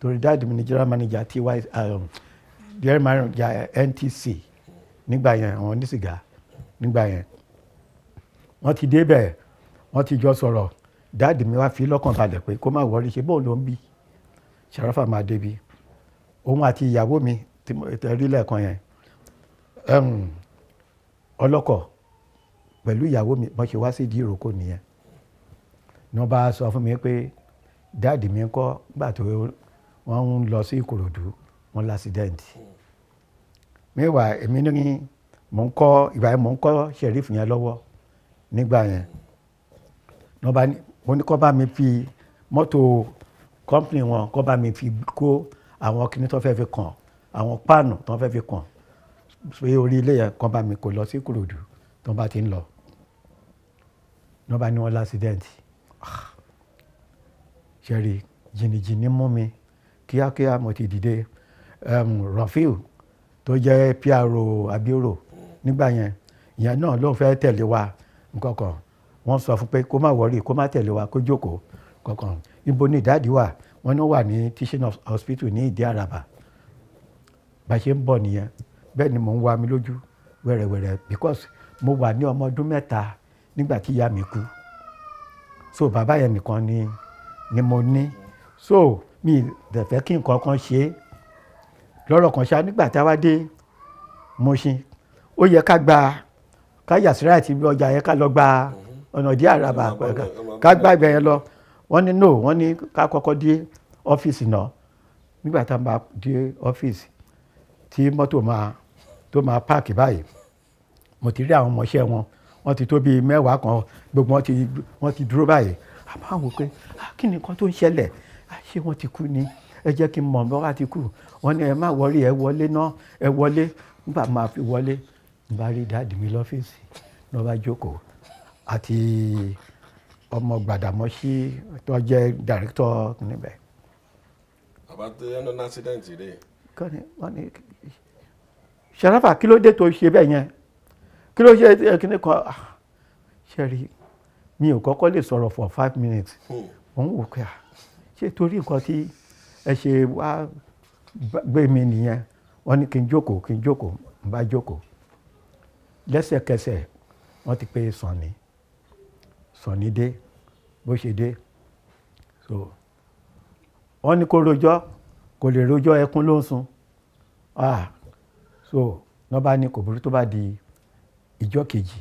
torí dáàdì mi ni general manager ty um, general manager NTC nígbà yẹn àwọn onísìgá nígbà yẹn wọ́n ti débẹ̀ wọ́n ti jọ sọ̀rọ̀ dáàdì mi wá fi lọ́kàn balẹ̀ pé kó má wọrí ṣe bóun ló ń bí Sharafa máa débi òun àti ìyàwó mi tẹ̀rí lẹ́ẹ̀kan yẹn um, ọlọ́kọ̀ pẹ̀lú ìyàwó mi bọ́n ṣe wá sí ìdí ìrókò nìyẹn ní wọ́n bá sọ fún mi pé dáàdì mi ń kọ́ gbà tó wọ́n ń lọ sí Ìkòròdú wọn lásìdẹ́ǹtì mẹ́wàá èmi ní mò ń kọ́ ìgbà yẹn mò ń kọ́ sheriff yẹn lọ́wọ́ nígbà yẹn ní wọ́n bá ní mo ní kọ́ bá mi fi mọ́tò kọ́mpìnì wọn kọ́ bá mi fi kó àwọn kinní fẹ́ fi kàn àwọn páànù tó fẹ́ fi kàn pé orí ilé yẹn kan bá mi kò lọ sí kúròdú tó bá ti ń lọ ní wọ́n bá ní wọ́n lásìdẹ́ǹtì ah, ṣẹ̀rí jìnnìjìnnì mú mi kíákíá mo ti dìde um, rafiu tó jẹ́ pro abioro nígbà yẹn ìyẹn náà ló fẹ́ tẹ̀lé wa nkankan wọ́n sọ fún pé kó má wọrí kó má tẹ̀lé wa kó jókòó kankan ibo ni ìdádì wà wọ́n ní wà ní teaching hospital ní ìdí àràbà bá ṣe ń bọ̀ nìyẹn bẹ́ẹ̀ ni mò ń wa mi lójú wẹ̀rẹ̀wẹ̀rẹ̀ because mo wà ní ọmọ ọdún mẹ́ta nígbà tí ìyá mi kú so bàbá yẹn nìkan ni ni mo ní so mi dẹ̀ fẹ́ kí nǹkan kan ṣe é lọ́rọ̀ kan ṣá nígbà tá a wá dé Mọ́ṣin ó yẹ ká gba ká yàsírà àti ọjà yẹn ká lọ gba ọ̀nà dí àràbà ká gba ibẹ̀ yẹn lọ wọ́n ní no wọ́n ní ká kọ́kọ́ dé ọ́fíìsì náà nígbà tá a bá dé ọ́fíìsì tí mọ́tò máa tó máa páàkì báyìí mo ti rí àwọn ọmọọṣẹ́ wọn wọ́n ti tó bíi mẹ́wàá kan gbogbo wọn ti wọ́n ti dúró báyìí àmọ́ àwọn pé ah, kí ni nǹkan tó ń ṣẹlẹ̀ ah, ṣé wọ́n ti kú ni ẹ jẹ́ kí n mọ̀ bọ́ wá ti kú wọ́n ní ẹ má wọrí ẹ wọlé náà ẹ wọlé nígbà máa fi wọlé n bá rí dáàdì mi lọ́fíìsì ló bá jókòó àti ọmọ Gbàdámọ́sí tó jẹ́ dàrẹ́tọ̀ níbẹ̀. bàbá tó yẹn lọ ní accident kọ́ni wọ́n ní Sharafa kí ló dé tó ṣe bẹ́ẹ̀ yẹn kí ló ṣe kíní kan ah, ṣẹ́rí mi ò kọ́kọ́ lè sọ̀rọ̀ for five minutes mo ń wò pé à ah, ṣé torí nǹkan tí ẹ ṣe wá gbé mi nìyẹn wọ́n ní kí n jókòó kí n jókòó n bá jókòó lẹ́sẹ̀kẹsẹ̀ wọ́n ti pè Sànní Sànní dé bó ṣe dé so wọ́n ní kó rojọ́ kò lè rojọ́ ẹkún ló ń sun ah so náà bá ní kò burú tó bá di ìjọ kejì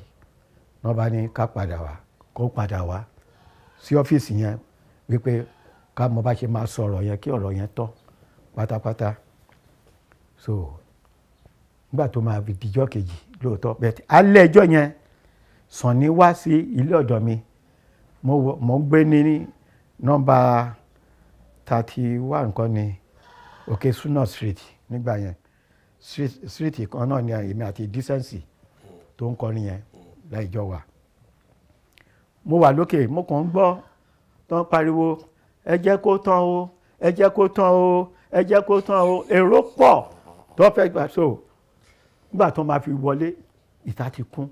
náà bá ní ká padà wá kó padà wá sí ọ́fíìsì yẹn wípé ká mọ bá ṣe máa sọ ọ̀rọ̀ yẹn kí ọ̀rọ̀ yẹn tọ́ pátápátá so nígbà tó máa fi dijọ́ kejì lóòótọ́ bẹ́ẹ̀ alẹ́ ẹjọ́ yẹn Sànní wá sí ilé ọ̀dọ̀ mi mo gbé ní nọ́mbà thirty one nǹkan ní Òkè Suna Street nígbà yẹn street kan náà ni èmi àti decency tó ń kọrin yẹn láìjọ wà mo wà lókè mo kàn ń gbọ́ tó ń pariwo ẹ jẹ́ kó tán o ẹ jẹ́ kó tán o ẹ jẹ́ kó tán o èrò pọ̀ tó fẹ́ gbà so nígbà tó máa fi wọlé ìta ti kún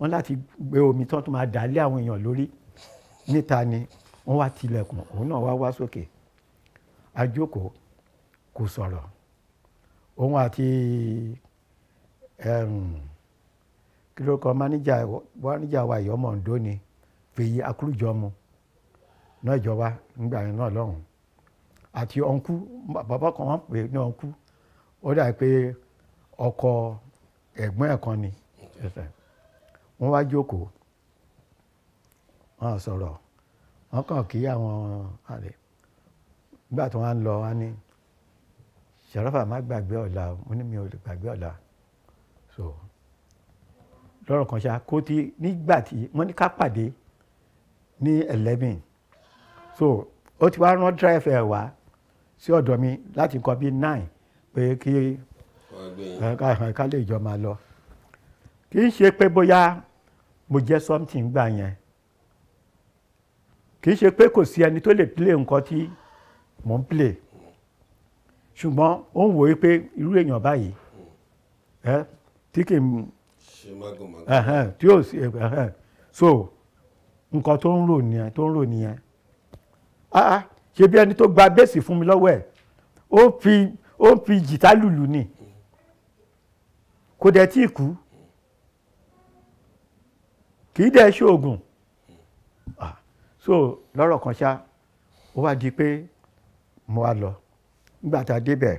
wọ́n láti gbé omi tán tó máa dà lé àwọn èèyàn lórí níta ni wọ́n wá tilẹ̀kùn òun náà wá wá sókè àjókòó kò sọ̀rọ̀ òun àti kí ló kọ máníjà wa ìyọ́mọ̀ Oǹdó ni fèyí akúrújọmọ náà ìjọba nígbà yẹn náà lọ́hùn àti ọ̀nkú bàbá kan wọ́n pè ní ọ̀nkú ó dà pé ọkọ ẹ̀gbọ́n ẹ̀ ni wọ́n wá jókòó wọ́n sọ̀rọ̀ wọ́n kàn kí àwọn àlè nígbà tí wọ́n á lọ wọ́n ní ṣàràfà má gbàgbé ọ̀la mo ní mi ò lè gbàgbé ọ̀la so lọ́rọ̀ kan ṣá kó tí nígbà tí wọ́n ní ká pàdé ní eleven so ó ti wá rán drive ẹ̀ wá sí ọ̀dọ̀ mi láti nǹkan bíi nine pé kí ká lè jọ máa lọ kì í ṣe pé bóyá mo jẹ́ something gbà yẹn kì í ṣe pé kò sí ẹni tó lè play nǹkan tí mò ń play ṣùgbọ́n ó ń wòye pé irú èèyàn báyìí ẹ tí kì í tí ó sì so nǹkan tó ń rò nìyẹn tó ń rò nìyẹn ah, ah ṣe bí ẹni tó gba bẹ́ẹ̀sì fún mi lọ́wọ́ ẹ̀ ó fi ó fi jìtá lùlù ni kò dẹ̀ tí ì kú kì í dẹ̀ ṣe oògùn ah, so lọ́rọ̀ kan ṣá ó wá di pé mo wá lọ nígbà tá a débẹ̀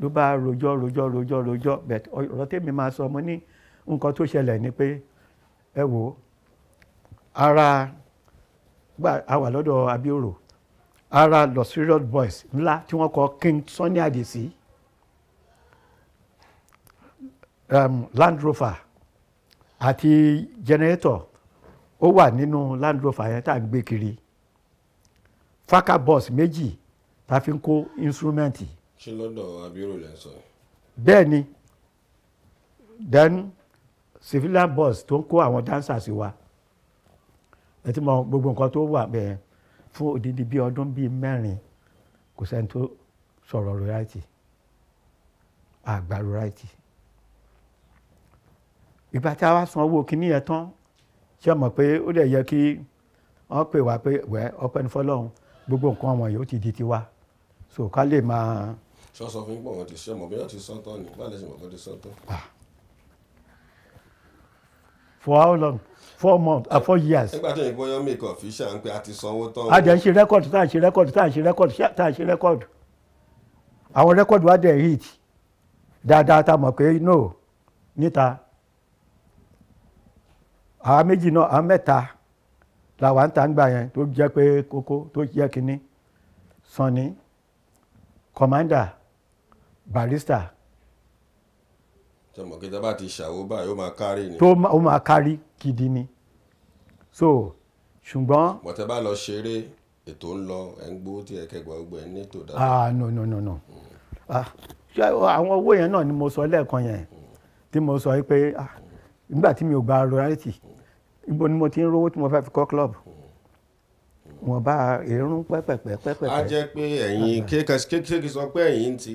ló bá rojọ́ rojọ́ rojọ́ rojọ́ bẹ̀t ọ̀rọ̀ tèmi máa sọ mo ní nǹkan tó ṣẹlẹ̀ ni pé ẹ wò ara gbà a wà lọ́dọ̀ abioro ara los serious boys ńlá tí wọ́n kọ King Sunny Adé sí um, Land Rover àti generator ó wà nínú Land Rover yẹn tá à ń gbé kiri faka bus méjì tá fi ń kó instrumenti. ṣé lọ́dọ̀ abirù lẹ́ sọ. bẹ́ẹ̀ ni then civilian boss tó ń kó àwọn dancers wa ẹ ti mọ gbogbo nǹkan tó wà bẹ́ẹ̀ fún odidi bíi ọdún bíi mẹ́rin kò sẹ́ni tó sọ̀rọ̀ rọ́ráìtì àgbà rọ́ráìtì ìgbà tí a wá san owó kínní yẹn tán ṣé o mọ̀ pé ó dẹ̀ yẹ kí wọ́n pè wá pé wẹ́ ọpẹ́ ní fọlọ́run gbogbo nǹkan wọn yóò ti di tiwa so ká lè máa. sọ́sọ́ fún pọ̀ ti ṣe mọ̀ ti sọ tán ni báyìí ṣe mọ̀ ti sọ tán. Ah. for how long four months uh, four years. nígbà tó yẹ kó yọ make official ń pé a ti sanwó tán. a jẹ́ ń ṣe rẹ́kọ̀dù tá à ń ṣe rẹ́kọ̀dù tá à ń ṣe rẹ́kọ̀dù tá à ń ṣe rẹ́kọ̀dù àwọn rẹ́kọ̀dù wa dẹ̀ hit dáadáa tá mọ̀ pé no níta àwọn méjì náà àwọn mẹ́ta làwọn ń ta ń gbà yẹn tó jẹ́ pé kókó tó jẹ́ kínní sanni commander barrister. tọmọ kí tábà ti ṣàwó báyìí ó máa kárí ni. tó ó máa kárí gidi ni so ṣùgbọ́n. bọ̀tẹ́ bá lọ ṣeré ètò ń lọ ẹ̀ ń gbó tí ẹ kẹgbà gbogbo ẹ ní tòdà. ah no no no no ah, àwọn owó yẹn náà ni mo sọ lẹ́ẹ̀kan yẹn tí mo sọ pé ah, nígbà tí mi ò gba royalty ibo ni mo ti ń rówó tí mo fẹ́ fi kọ́ club. Mm wọn bá irun pẹ́pẹ́pẹ́ pẹ́pẹ́pẹ́. a jẹ́ pé ẹ̀yin kékeré sọ pé ẹ̀yin ti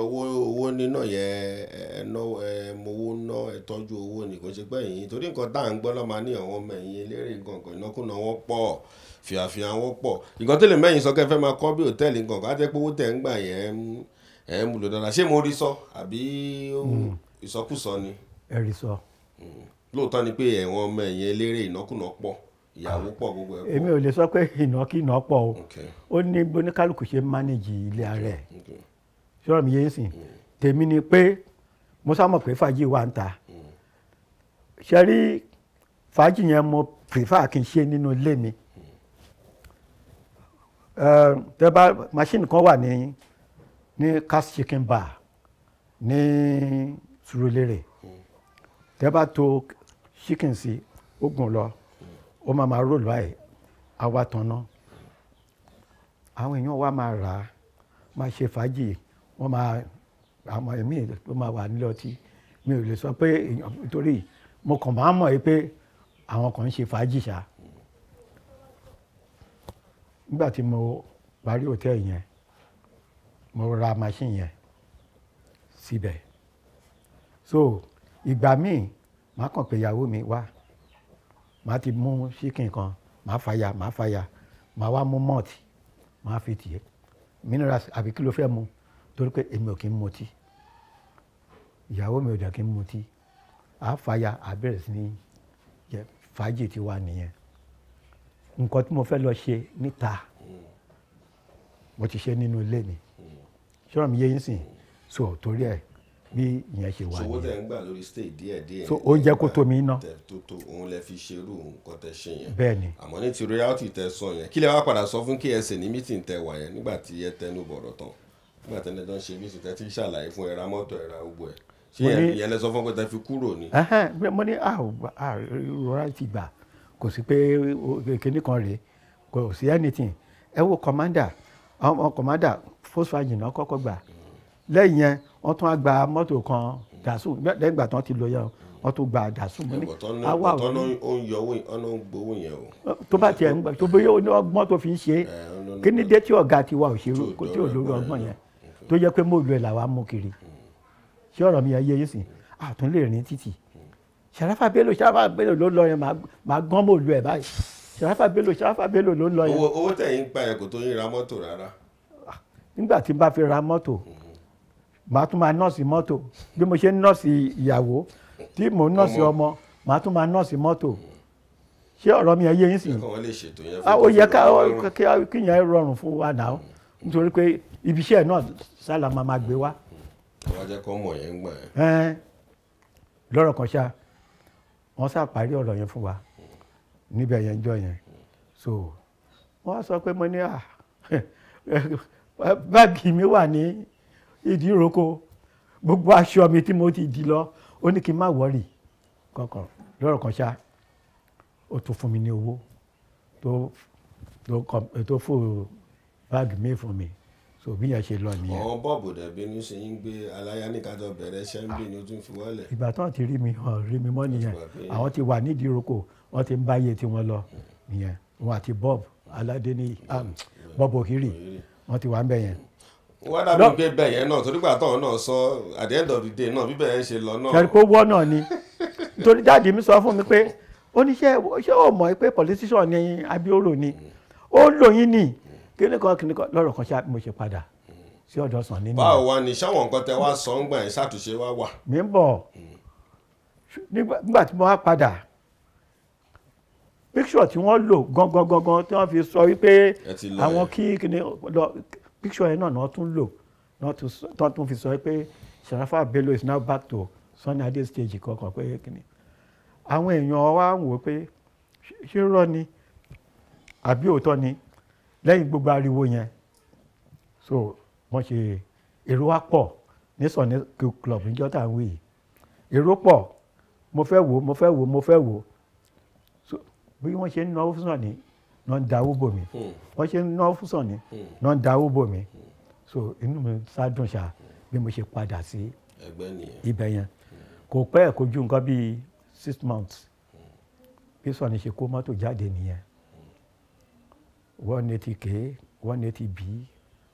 owó owó níná yẹn mowó ná ẹ owó ni kò ṣe pé ẹ̀yin torí nǹkan tá à ń gbọ́ lọ́ máa ní àwọn ọmọ ẹ̀yin eléré gangan ìnákúnà wọn pọ̀ fìàfìà wọn pọ̀ nǹkan tó lè mẹ́yìn sọ kẹ́ máa kọ́ bí òtẹ́ẹ̀lì gangan á jẹ́ pé owó tẹ̀ ń gbà yẹn ẹ̀ ń múlò dáadáa ṣé mo rí sọ àbí hmm. ìsọkúsọ ni. ẹ rí sọ. Hmm. lóòótọ́ ni pé ẹ̀wọ̀n ọmọ ìyàwó pọ̀ gbogbo ẹ̀ pọ̀ èmi ò lè sọ pé ìnákìná pọ̀ o ó ní oníkálukú ṣe mánéjì ilé rẹ̀ sọ̀rọ̀ mi yé ń sìn mm. tèmi ni pé mo sá mọ̀ pé fàájì wà ń ta mm. ṣe rí fàájì yẹn mo prefer kí n ṣe nínú ilé mi mm. eh, tẹ machine kan wà ní ní cast chicken bar ní Surulere tẹ to chicken sí ó gùn lọ ó máa máa rò báyìí á wá tanná àwọn èèyàn wa máa rà á máa ṣe fàájì wọ́n máa àwọn èmi ló máa wà nílẹ̀ ọtí mi ò lè sọ pé èèyàn nítorí mo kàn máa mọ̀ pé àwọn kan ń ṣe fàájì ṣá nígbà tí mo parí hòtẹ́ẹ̀lì yẹn mo ra machine yẹn síbẹ̀ so ìgbà míì màá kàn pé ìyàwó mi wá màá ti mú chicken kan màá fàyà màá fàyà màá wá mú malt màá fi tì í minerals àbí kí ló fẹ́ mu torí pé èmi ò kí ń mutí ìyàwó mi ò dẹ̀ kí ń mutí àá fàyà àá bẹ̀rẹ̀ sí ní jẹ fàájì ti wà nìyẹn nǹkan tí mo fẹ́ lọ ṣe níta mo ti ṣe nínú ilé mi ṣọ́ọ̀mù yẹ́yìn sìn so torí ẹ̀ bí ìyẹn ṣe wà nìyẹn. sowó tẹ̀ ń gbà lórí state díẹ̀ díẹ̀. so oúnjẹ kó tó mi ná. tó tó òun lè fi ṣerú nǹkan tẹ ṣe yẹn. bẹ́ẹ̀ni. àmọ́ ní ti royalty tẹ sọ yẹn kí lè wá padà sọ fún KSA ní meeting tẹ wà yẹn nígbà tí ẹ tẹnu bọ̀rọ̀ tán nígbà tí ẹnìkan ṣe meeting tẹ ti ṣàlàyé fún ẹ ra mọ́tò ẹ ra gbogbo ẹ ṣé ìyẹn lẹ sọ fún pé tẹ fi kúrò ni. mo ní ah, ah, royalty gbà kò sí pé kinní kan rèé kò sí anything ẹ wo commander commander fosfa yìnyín kọ́kọ́ gbà lẹ́yìn yẹn wọ́n tún á gba mọ́tò kan dàsù lẹ́yìn ìgbà tí wọ́n ti lọ yẹn wọ́n tún gba dàsù mọ́ ní awọ àwọn. ọ̀tọ́ ó ń yọ owó ọ̀nà gbowó yẹn o. tó bá tiẹ̀ ń gbà tó bóyá ọgbọ́n tó fi ń ṣe kí ni dé tí ọ̀gá tiwa ò ṣe tí ò lórí ọgbọ́n yẹn tó jẹ́ pé mòlú ẹ̀ làwa mú kiri ṣé ọ̀rọ̀ mi yẹ yé sìn àtún lè rìn títì Sharafa Bello Sharafa Bello ló lọ yẹn màá gán mòlú ẹ̀ báyìí Sharafa Bello Sharafa Bello ló lọ yẹn. owó tẹ̀yìn ń pa yẹn kò tó yín ra mọ́tò rárá. Ah, nígbà tí n bá fi ra mọ́tò màá tún máa nọ́ọ̀sì mọ́tò bí mo ṣe ń nọ́ọ̀sì ìyàwó tí mò ń nọ́ọ̀sì ọmọ màá tún máa nọ́ọ̀sì mọ́tò ṣé ọ̀rọ̀ mi ẹ yé yín sí ó yẹ kí yẹn rọrùn fún wa náà nítorí pé ibiṣẹ́ náà sálà máa máa gbé wá. wọ́n jẹ́ kọ́ mọ̀ yẹn ń gbà yẹn. lọ́rọ̀ kan ṣá wọ́n sá parí ọ̀rọ̀ yẹn fún wa níbẹ̀ yẹn jọ yẹn so wọ́n sọ pé mo ní à ah, (laughs) báàgì mi wà ní ìdíròkọ gbogbo aṣọ mi tí mo ti dì lọ ó ní kí n má wọrí kankan lọ́rọ̀ kan ṣá ó tún fún mi ní owó tó fò báàgì mi fún mi so bí yẹn ṣe lọ nìyẹn. àwọn bọ́ọ̀bù dẹ̀bí ní ṣe ń gbé aláyáníkàjọ bẹ̀rẹ̀ ṣẹ́ ń bì ní fi wọlé. ìgbà tó ti rí mi hàn rí mi mọ́ nìyẹn àwọn ti wà nídìí roko wọ́n ti ń bá iye tiwọn lọ nìyẹn wọn àti bob aládé ní um, bob ohiri wọ́n ti wà ń bẹ̀ wọ́n dàbí pé bẹ̀yẹn náà torí gbà tọ́hún náà sọ at the end of the day náà bí bẹ̀yẹn ṣe lọ náà. kẹrìkó wọ́ náà ni (laughs) nítorí dáàdi mi sọ fún mi pé oníṣẹ́ ṣé o mọ̀ pé politician ni abioro ni ó lóyún ni kíníkan kíníkan lọ́rọ̀ kan ṣá mo ṣe padà sí ọ̀dọ̀ sàn nínú. báwo wa ni sáwọn nǹkan tẹ wá sọ ń gbà yín ṣàtúnṣe wá wà. mi ń bọ̀ nígbà tí mo wá padà picture tí wọ́n lò gangan gangan tí wọ́n fi sọ wípé àwọn kí kíní lọ picture yẹn náà náà tún lò náà tún fi sọ pé Sharafa Bello is now back to Sunny Adé stage kankan pé kíni àwọn èèyàn wa ń wò pé ṣé rọ ni àbí òótọ́ ni lẹ́yìn gbogbo ariwo yẹn so wọ́n ṣe èrò wa pọ̀ ní Sunny club níjọ́ tá à ń wí yìí èrò pọ̀ mo fẹ́ wò mo fẹ́ wò mo fẹ́ wò bí wọ́n ṣe ń náwó fún Sunny náà ń dáwó bò mí hmm. wọ́n ṣe ń ná fúsàn ni hmm. náà ń dáwó bò mí hmm. so inú mi sádùn ṣá bí mo ṣe padà sí ibẹ̀ yẹn kò pẹ́ ẹ̀ kó ju nǹkan bíi six months bí sọ̀ni ṣe kó mọ́tò jáde nìyẹn one eighty k one eighty b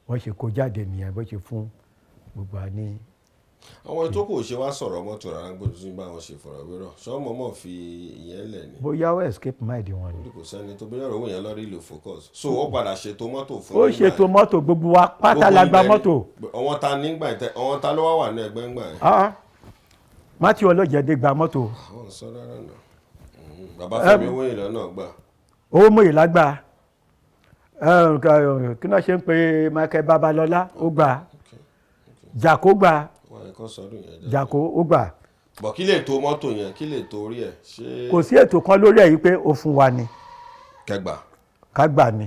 wọ́n ṣe kó jáde nìyẹn bó ṣe fún gbogbo àní àwọn ètò kò ṣe wá sọ̀rọ̀ mọ́tò rárá gbọ́dọ̀ tún bá wọn ṣe fọ̀rọ̀ wérọ̀ ṣọ́mọ mọ̀ fi ìyẹn lẹ̀ ni. bóyá ó escape mind wọn ni. kò sẹ́ni tó bóyá òun yẹn lọ́rí lò focus. so ó padà ṣètò mọ́tò fún mi. ó ṣètò mọ́tò gbogbo wa pátá la gba mọ́tò. ọwọ́n ta nígbà tẹ ọwọ́n ta ló wá wà ní ẹgbẹ́ ńgbà yẹn. Ah, mati ọlọ́jẹ̀dẹ̀ gba mọ́tò. Hmm, bàbá fẹ́mi owó ìlànà gbà. owó mọ̀ ìlágbà jàǹkó ó gbà. bọ̀ kí lè tó mọ́tò yẹn kí lè tó orí ẹ̀ ṣé. kò sí ètò kan lórí ẹ̀ yìí pé ó fún wa ni. kẹgbà. kágbà ni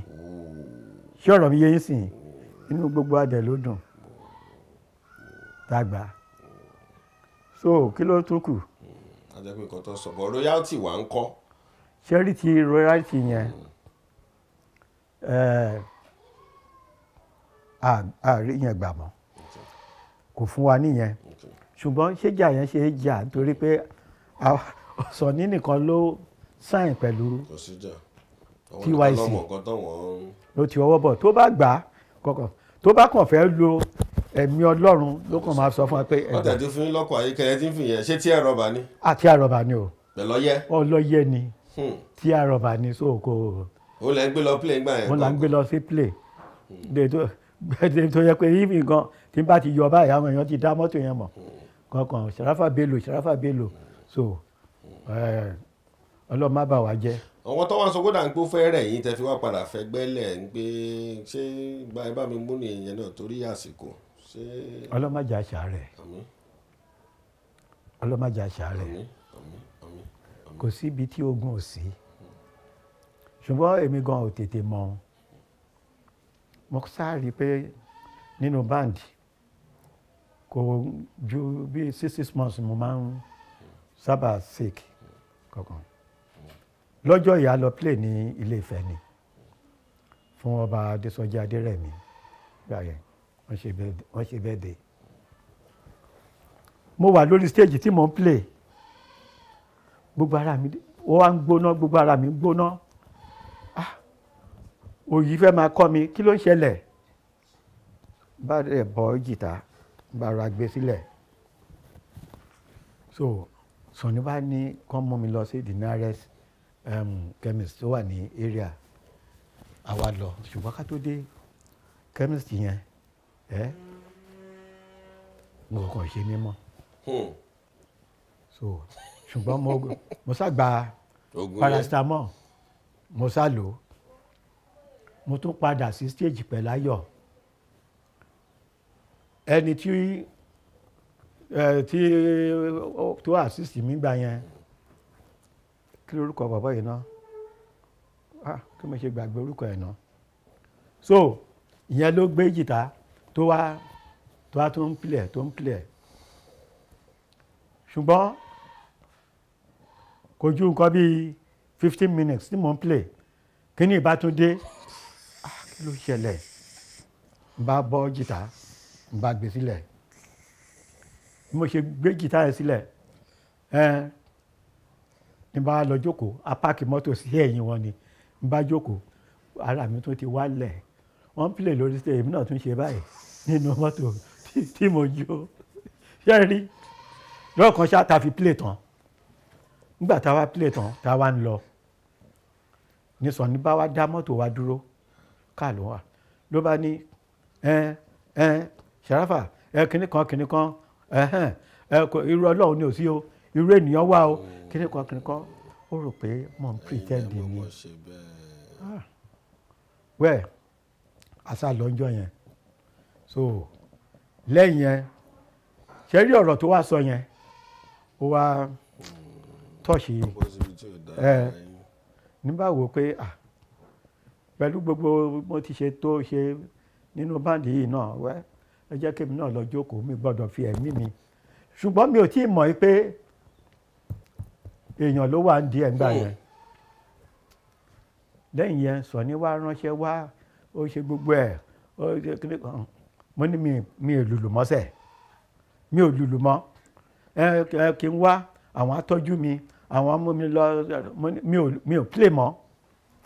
ṣé ọ̀rọ̀ mi yé yín sìn inú gbogbo adẹ̀ ló dùn dàgbà so kí ló tún kù. ajẹ́ pé nǹkan tó sọ bọ̀ royalty wà ń kọ́. ṣẹ́rí ti royalty yẹn àárín mm. yẹn gbà mọ́ kò fún wa nìyẹn ṣùgbọ́n ṣéjà yẹn ṣe é jà torí pé Sọ̀ní nìkan ló sáìn pẹ̀lú TYC ló ti ọwọ́ bọ̀ tó bá gbà á kọ̀kọ̀ tó bá kàn fẹ́ lo ẹ̀mí ọlọ́run ló kàn máa sọ fún wa pé ẹ̀dá. wọ́n tẹ̀sí fún lọ́kọ̀ ayíkẹ́lẹ́ tí ń fi ṣé tí ẹ̀ rọ̀bà ni. àti àrọ̀bà ni o. pẹ̀lọ́yẹ. ọlọ́yẹ ni tí àrọ̀bà ni so kò. ó lẹ́ ń gbé lọ play gbà yẹn. ó lẹ́ ń gbé lọ sí play. Hmm. (laughs) tí n bá ti yọ báyìí àwọn èèyàn ti dá mọ́tò yẹn mọ̀ kankan Sharafa Bello Sharafa Bello so eh, ọlọ́run má bà wá jẹ́. àwọn tó wá sọ kódà ń gbó fẹ́rẹ̀ yìí tẹ́ fi wá padà fẹ́ gbẹ́lẹ̀ ń pé ṣé gba ẹ bá mi mú nìyẹn náà torí àsìkò. ọlọ́run má jà ṣàárẹ̀ ọlọ́run má jà ṣàárẹ̀ kò síbi tí ogun ò sí ṣùgbọ́n èmi gan ò tètè mọ̀ mo sáré pé nínú báǹdì kò ju bí six six months mo máa ń sábà sick kankan lọ́jọ́ ìyá lọ play ní ilé Ifẹ̀ ni fún ọba Adésọjí Adérẹ̀mí gbàyẹn wọ́n ṣe bẹ́ẹ̀ dé mo wà lórí stage tí mo ń play gbogbo ara mi ó wá ń gbóná gbogbo ara mi ń gbóná ah òyì fẹ́ máa kọ́ mi kí ló ń ṣẹlẹ̀ bá rẹ̀ bọ́ jìtá gbàrà gbé sílẹ̀ so Sànní bá ní kán mú mi lọ sí the nearest um, chemist tó wà ní area àwa lọ ṣùgbọ́n ká tó dé chemist yẹn ẹ mo kàn ṣe ní mọ́ hmm. so ṣùgbọ́n mo mo ṣàgbà paracetamol mo ṣá lò ó mo tún padà sí stage pẹ̀láyọ̀ ẹni tí tí tó assist mi gbà yẹn kí lorúkọ bàbá yìí náà ah kí mo ṣe gbàgbé orúkọ ẹ̀ náà so ìyẹn ló gbé jìtá tó wá tó wá tó ń pilẹ̀ tó ń pilẹ̀ ṣùgbọ́n kò ju nǹkan bíi fifteen minutes tí mò ń pilẹ̀ kíní ìbá tún ah kí ló ṣẹlẹ̀ n bá bọ́ jìtá n bá gbé sílẹ̀ bí mo ṣe gbé jìtá yẹn sílẹ̀ ẹn ní bá lọ jókòó apáàkì mọ́tò sí ẹ̀yìn wọn ni n bá jókòó ara mi tún ti wálẹ̀ wọ́n ń pilẹ̀ lórí ṣe èmi náà tún ṣe báyìí nínú mọ́tò tí mo jó ṣé rí lọ́ọ̀kan ṣá ta fi pilẹ̀ tán nígbà tá a wá pilẹ̀ tán tá a wá ń lọ ní sọ̀ni bá wá dá mọ́tò wa dúró káà ló wà ló bá ní ẹ ẹ ṣàràfà ẹ kìnnì kan kìnnì kan ẹhẹn ẹ irú ọlọ́run ni ò sí o irú ènìyàn wà o kìnnì kan kìnnì kan ó rò pé mò ń pretend ni ah. well àṣà lọ́njọ́ yẹn so lẹ́yìn yẹn ṣe rí ọ̀rọ̀ tó wá sọ yẹn ó wá tọ́ọ̀ṣì ẹ nígbà wo pé ah pẹ̀lú gbogbo mo ti ṣe tó ṣe nínú báńdì yìí náà wẹ́ẹ́ ẹ jẹ́ kí mi náà lọ jókòó mi gbọ́dọ̀ fi ẹ̀mí mi ṣùgbọ́n mi ò tí ì mọ̀ pé èèyàn ló wà ń di ẹ̀gbà hmm. yẹn lẹ́yìn yẹn Sọ̀ní wá ránṣẹ́ wá ó ṣe gbogbo ẹ̀ ó ṣe kíni kan mo ní mi ò lùlù mọ́sẹ̀ mi ò lùlù mọ́ ẹ kí n wá àwọn atọ́jú mi àwọn mú mi lọ mi ò play mọ́.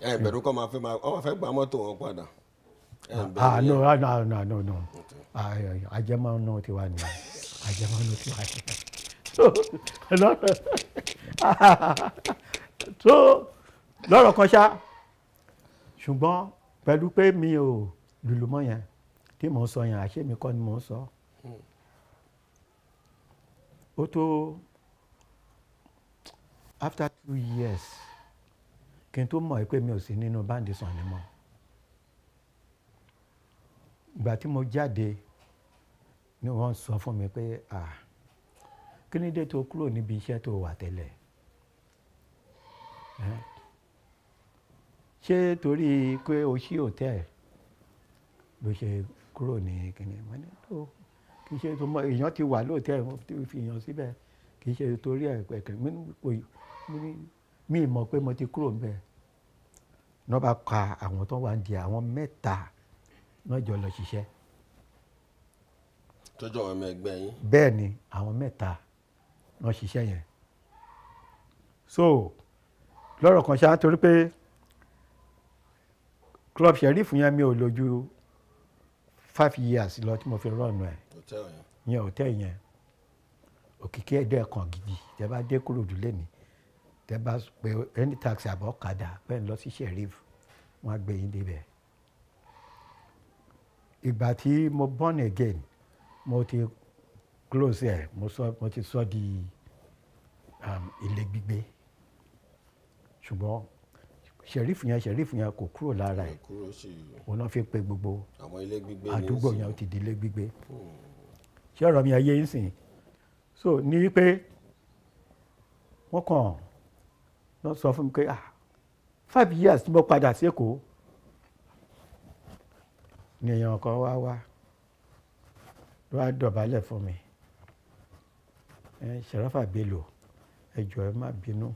ẹ bẹ̀rù kọ́ máa fẹ́ gbà mọ́tò wọn padà. Ah, ah, ah no no no no no ah, ajẹmọ náà ti wà ní ajẹmọ náà ti wà ní (laughs) so lọ́rọ̀ kan ṣá ṣùgbọ́n pẹ̀lú pé mi ò lùlù mọ́ yẹn tí mò ń sọ yẹn àṣé mi kọ́ ni mò ń sọ hmm. ó tó after two years kí n tó mọ̀ pé mi ò sí nínú báńdì Sunny mọ́ ìgbà tí mo jáde ni wọ́n sọ fún mi pé kí ni dé tó kúrò níbi iṣẹ́ tó wà tẹ́lẹ̀ ṣé torí pé o ṣí hòtẹ́ẹ̀ ló ṣe kúrò ní kíni mo ní tó kì í ṣe tó mọ èèyàn ti wà lóòtẹ́ẹ̀ mo fi èèyàn síbẹ̀ kì í ṣe torí ẹ̀ pẹ̀kẹ́ mi mọ̀ pé mo ti kúrò níbẹ̀ ní wọ́n ka àwọn tó wà ń di àwọn mẹ́ta wọ́n jọ lọ ṣiṣẹ́. tọ́jú àwọn ọmọ ẹgbẹ́ yín. bẹ́ẹ̀ ni àwọn mẹ́ta wọ́n ṣiṣẹ́ yẹn. so lọ́rọ̀ kan ṣáá torí pé club sheriff yẹn mi ò lójú five years lọ tí mo fi rọ̀nù ẹ̀ yẹn hòtẹ́ẹ̀lì yẹn òkìkí ẹ̀dọ́ ẹ̀kan gidi tẹ́ bá dé kúrò dúlé mi tẹ́ bá pe any taxi àbọ̀ ọ̀kadà pẹ́ ń lọ sí sheriff wọ́n á gbé yín débẹ̀ ìgbà tí mo born again mo ti close ẹ̀ mo, sọ, mo ti sọ di um, ilé gbígbé ṣùgbọ́n ṣẹ̀rífù yẹn ṣẹ̀rífù yẹn kò kúrò lára ẹ̀ òun náà fi pe gbogbo àdúgbò yẹn ti di ilé gbígbé hmm. ṣé ọ̀rọ̀ mi ayé ń sìn so ní wípé wọ́n kàn lọ sọ fún mi pé ah, five years tí mo padà sí Èkó ni èèyàn kan wá wá ló wá dọ̀bálẹ̀ fún mi Sharafa Bello ẹ jọ̀ọ́ ẹ má bínú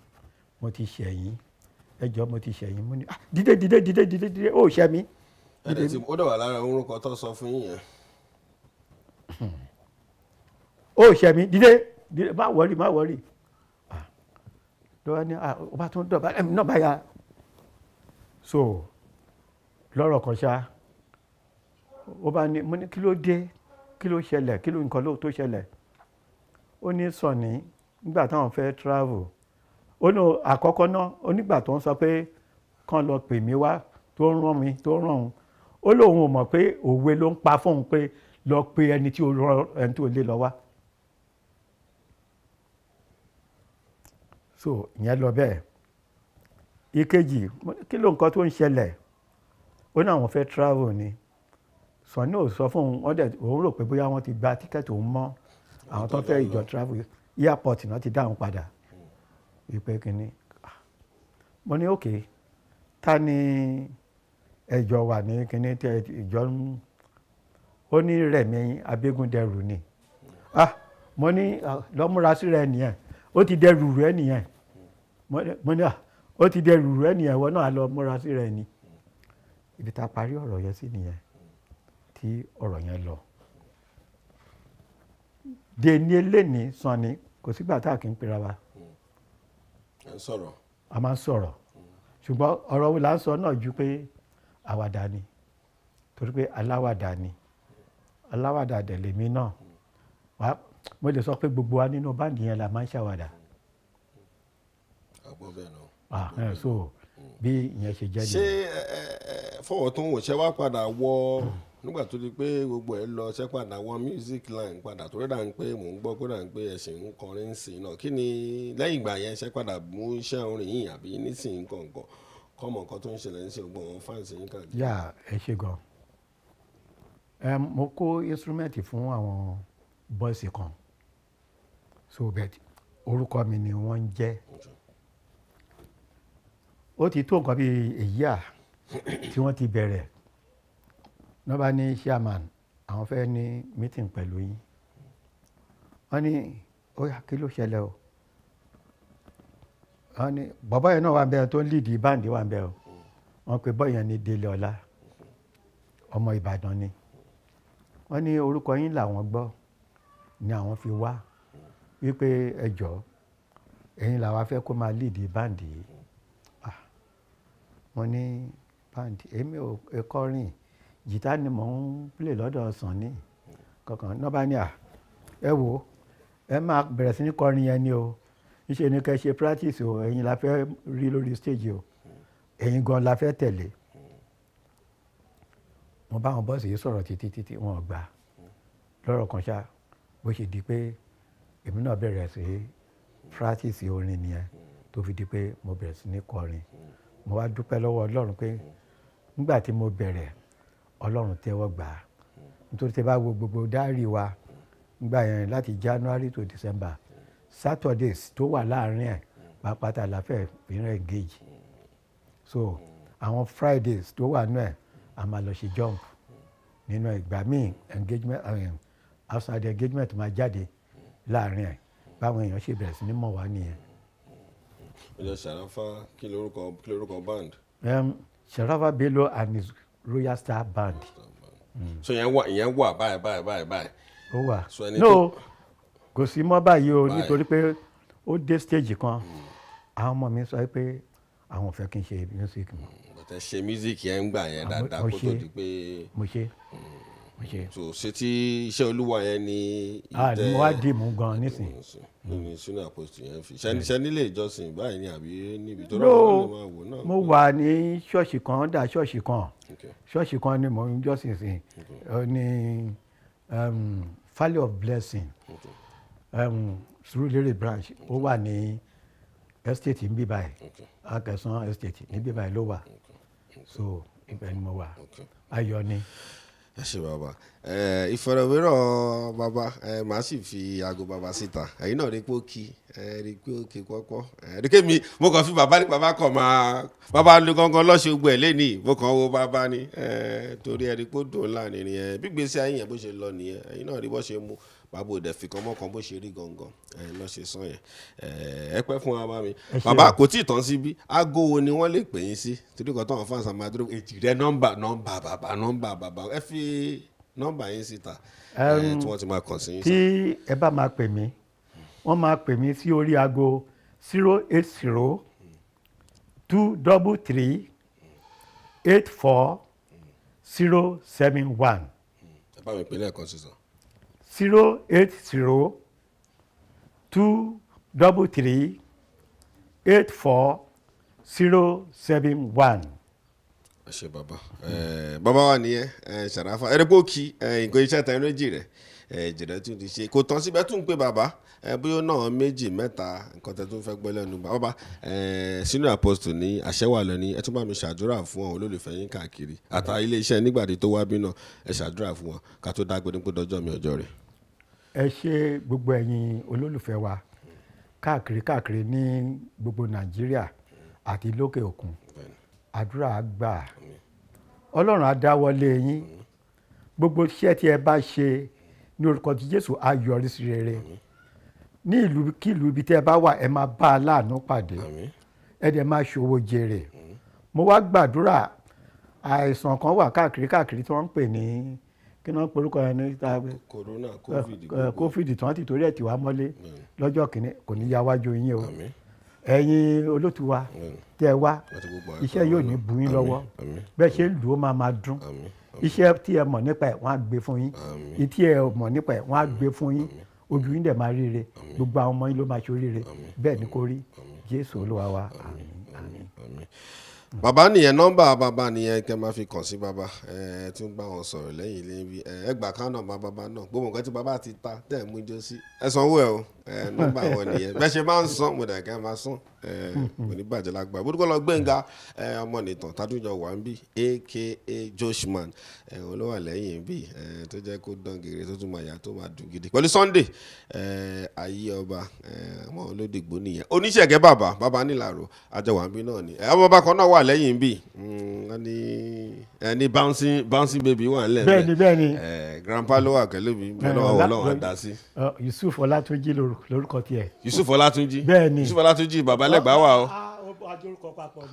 mo ti ṣẹ̀ yín ẹ jọ̀ọ́ mo ti ṣẹ̀ yín mo ní ah, dìde dìde dìde dìde dìde ó ṣẹ̀ mí. ẹ̀rẹ̀ tí ó dẹ̀ wà lára orúkọ tó sọ fún yín yẹn. ó ṣẹ̀ mí dìde dìde má wọrí má wọrí lọ́wọ́ ní ọba tó ń dọ̀bálẹ̀ náà báyà so lọ́rọ̀ kan ṣáá ó bá ní mo ní kí ló dé kí ló ṣẹlẹ̀ kí ló nǹkan tó ṣẹlẹ̀ ó ní sọ̀ní nígbà táwọn fẹ́ travel ó ní àkọ́kọ́ náà onígbà tó ń sọ pé kàn lọ pè mí wá tó ń rán mi tó ń rán òun ó lóun ò mọ̀ pé òwe ló ń pa fóun pé lọ pe ẹni tí ó rán ẹni tó lé lọ wá. so ìyẹn lọ bẹ́ẹ̀ ìkejì kí ló nǹkan tó ń ṣẹlẹ̀ ó ní àwọn fẹ́ travel ni sọ̀ni ò sọ fún òun wọ́n dẹ̀ òun rò pé bóyá wọ́n ti gba tíkẹ́ẹ̀tì òun mọ́ àwọn tó fẹ́ ìjọ travel airport náà ti dá òun padà ìpè kínní ah. mo ní òkè ta ni ẹjọ wà ní kínní tí ìjọ ń ó ní Rẹ̀mí Abégúndẹrù ni ah mo ní ah, lọ́múra síra ẹnìyẹn ó ti dẹrù rẹ nìyẹn mo ní ah, ó ti dẹrù rẹ nìyẹn wọn náà lọ múra síra ẹni ibi tá a parí ọ̀rọ̀ yẹn sí nìyẹn tí ọ̀rọ̀ yẹn lọ. de ní eléni sanni kò sígbà tá a kì í pera wa. a ń sọ̀rọ̀. a máa ń sọ̀rọ̀ ṣùgbọ́n ọ̀rọ̀ wo la ń sọ náà ju pé àwàdà ni torí pé aláwàdà ni aláwàdà dẹ̀lẹ́mí náà wàá mo lè sọ pé gbogbo wa nínú báńdì yẹn la máa ń ṣàwàdà. àgbọ̀ bẹ́ẹ̀ náà. ah ẹ so bí ìyẹn ṣe jẹ́ nìyẹn. ṣé fọwọ́ tó ń wò ṣe wá padà wọ nígbà tó di pé gbogbo ẹ lọ ṣe padà wọn music line padà tó rẹ́dà ń pé mò ń gbọ́ kódà ń pé ẹ̀sìn ń kọrin ń sìn náà kí ni lẹ́yìn ìgbà yẹn ṣe padà mú iṣẹ́ orin yìí àbí nísìnyí kọ̀ọ̀kan kọ́mọ̀ nǹkan tó ń ṣẹlẹ̀ ń ṣe gbọ́n fáǹsì yín kàn. yà ẹ ṣe gan ẹ mo kó instrumenti fún àwọn bọ́ìsì kan so bet orúkọ mi ni wọ́n ń jẹ́ ó ti tó nǹkan bíi èyí à tí wọ́n ti bẹ̀rẹ̀ ní wọ́n bá ní chairman àwọn fẹ́ ní meeting pẹ̀lú yín wọ́n ní ó yà kí ló ṣẹlẹ̀ o wọ́n ní bàbá yẹn náà wà bẹ́ẹ̀ tó ń lead band wà bẹ́ẹ̀ o wọ́n pe bọ́ọ̀yàn ní Délé Ọlá ọmọ Ìbàdàn ni wọ́n ní orúkọ yín làwọn gbọ́ ni àwọn fi wá wípé ẹ ẹ̀yin làwa fẹ́ kó máa lead band yìí ah, wọ́n ní band èmi ò kọrin jìtá ni mò ń play lọ́dọ̀ sàn ní kankan náà bá ní à ẹ wò ẹ máa bẹ̀rẹ̀ sí ní kọrin yẹn ni o níṣe ni kẹ́ ṣe practice o ẹ̀yin la fẹ́ rí lórí stage o ẹ̀yin gan la fẹ́ tẹ̀lé mo bá wọn bọ́ọ̀sì yìí sọ̀rọ̀ títí títí wọn ò gbà lọ́rọ̀ kan ṣá bó ṣe di pé èmi náà bẹ̀rẹ̀ sí practice orin nìyẹn tó fi di pé mo bẹ̀rẹ̀ sí ní kọrin mo wá dúpẹ́ lọ́wọ́ Ọlọ́run pé nígbà tí mo bẹ̀rẹ̀ ọlọ́run tẹ́wọ́ gbà á nítorí tẹ́ bá wo gbogbo dáárì wa nígbà yẹn láti january to december saturdays tó wà láàrin ẹ̀ pàápàá la fẹ́ fìrìn engage so àwọn fridays tó wà nù ẹ̀ a máa lọ ṣe jump nínú ìgbà míì engagement uh, outside engagement máa jáde láàrin ẹ̀ báwọn èèyàn ṣe bẹ̀rẹ̀ sí ní mọ̀ wá nìyẹn. ìjọ sàràfà kí lorúkọ band. Um, sàràfà bello and his royal star band. Mm. so ìyẹn wà ìyẹn wà báyìí báyìí báyìí báyìí. ó wà no kò sí mọ́ báyìí o nítorí pé ó dé stage kan mm. àwọn ọmọ mi sọ pé àwọn ò kí n ṣe music mọ́. Mm, bàtà ṣe music yẹn ń gbà yẹn dáadáa kó tó di pé. mo ṣe mo mm. ṣe so ṣe tí iṣẹ́ olúwa yẹn ni. àní ah, mo wá dì mú gan nísìnyí. Oh, ní mm. sínú àpòsí yẹn fi ṣe nílé ìjọsìn báyìí ni àbí níbi tó rọrùn ló máa wò náà. mo wà ní ṣọ́ọ̀ṣì kan dà ṣọ́ọ̀ṣì kan ṣọ́ọ̀ṣì kan ni mo ń jọ́sìn sí ní um, Valley of Blessing um, Surulere branch ó wà ní estate ń bí báyìí Akẹ̀sán estate ń bí báyìí ló wà so ibẹ̀ ni mo wà ayọ̀ ni. Okay ẹ ṣe bàbá ìfọ̀rọ̀wérọ̀ bàbá màá sì fi aago bàbá síta ẹ̀yin náà rí pé ó kí rí pé ó kí kọ́kọ́ rí kémi mo kàn fi bàbá ní bàbá kàn máa bàbá ní gangan lọ́sẹ̀ ogun ẹ̀ lẹ́nìí mo kàn wo Baba ni torí ẹ rí pé ó dùn ńlá nìyẹn bí gbèsè ayé yẹn bó ṣe lọ nìyẹn ẹ̀yin náà rí bó ṣe mú bàbá òde fi kan mọ́kàn bó ṣe rí gangan ẹ lọ ṣe sàn yẹn ẹ pẹ́ fún wa bá mi (laughs) bàbá kò tí ì tán síbí aago wo ni wọ́n lè pè yín sí torí kan táwọn fans àmọ́ àdúró ètì rẹ nọ́mbà nọ́mbà bàbá nọ́mbà bàbá ẹ fi nọ́mbà yín síta tí wọ́n ti máa kàn sí yín. tí ẹ bá máa pè mí wọ́n máa pè mí sí orí aago zero eight zero two double three eight four zero seven one. ẹ bá mi pè lẹ́ẹ̀kan sísan zero eight zero two double three eight four zero seven one. ẹ ṣe bàbá bàbá wa nìyẹn ṣàràfà ẹrẹgbòkì nǹkan iṣẹ́ tẹkinọ́lọ́jì rẹ̀ jẹ̀rẹ̀ tún ti ṣe kò tán síbẹ̀ tún ń pè bàbá bóyá náà méjì mẹ́ta nǹkan tẹ́ tún fẹ́ gbọ́ lẹ́nu bàbá sínú àpọ́sítù ní àṣẹwà lẹ́ni ẹ tún bá mi ṣàdúrà fún àwọn olólùfẹ́ yín káàkiri àtà iléeṣẹ́ nígbàdí tó wá bí náà ẹ ṣàdúrà fún wọn ká tó dágbére dọjọ́ mi ọjọ́ rẹ̀ ẹ ṣe gbogbo ẹ̀yin olólùfẹ́ wa káàkiri káàkiri ní gbogbo nàìjíríà àti lókè òkun àdúrà gbà ọlọ́run á dáwọ́lé yín gbogbo iṣẹ́ tí ẹ bá ṣe ní orúkọ tí jésù á yọrí sí rere ní ìlú kí ìlú ibi tí ẹ bá wà ẹ máa bá aláàánú pàdé ẹ dẹ̀ máa ṣòwò jèrè mo wá gbàdúrà àìsàn kan wà káàkiri káàkiri tí wọ́n ń pè ní kí náà porúkọ yẹn ní ta corona eh, eh, covid tí wọ́n ti torí ẹ̀ tì wá mọ́lé lọ́jọ́ kìíní kò ní yá wájú yín o ẹ̀yin olótú wa tẹ́ ẹ wá iṣẹ́ yóò ní bu yín lọ́wọ́ bẹ́ẹ̀ ṣe ń lò ó máa máa dún iṣẹ́ tí ẹ mọ̀ nípa ẹ̀ wọ́n á gbé fún yín ìtí ẹ mọ̀ nípa ẹ̀ wọ́n á gbé fún yín ojú yín dẹ̀ máa ríire gbogbo àwọn ọmọ yín ló máa ṣoríire bẹ́ẹ̀ ni kò rí Jésù Olúwa wa àmín àmín bàbá nìyẹn nọ́mbà bàbá nìyẹn kẹ́ máa fi kàn sí bàbá ẹ tún bá wọn sọ̀rọ̀ lẹ́yìn lẹbi ẹ ẹgbàá kan náà bàbá náà gbogbo nǹkan tí bàbá ti ta tẹ ẹ mú ijó sí ẹ sanwó ẹ o nọ́mbà wọn nìyẹn bẹ́ẹ̀ ṣe máa ń sàn mo dàgẹ́ máa sàn oníbàjẹ́ lágbà bó dúpẹ́ lọ Gbẹ́ngà ọmọ nìtàn tádùjọ wà ń bí aka Joshman olówà lẹ́yìn bí tó jẹ́ kó dán gèrè tó tún máa yà tó máa dùn gidi pẹ̀lú Sunday ayé ọba ọmọ olódìgbò nìyẹn oníṣẹ̀gẹ́ bàbá bàbá nílàró àjọwà ń bí náà ni ọmọ ọba kan náà wà lẹ́yìn bí mm, ẹni bouncing baby wà ń lẹ̀ bẹ́ẹ̀ ni bẹ́ẹ̀ ni grandpa ló wà kẹ́lẹ́ mi bẹ́ẹ̀ lọ́wọ́ ọlọ́run àdá sí. Yusuf Ọlátúnjí lorúkọ lórúkọ tiẹ̀. Yusuf Ọlátúnjí bẹ́ẹ̀ni Yusuf Ọlátúnjí bàbá lẹ́gbàá wà o.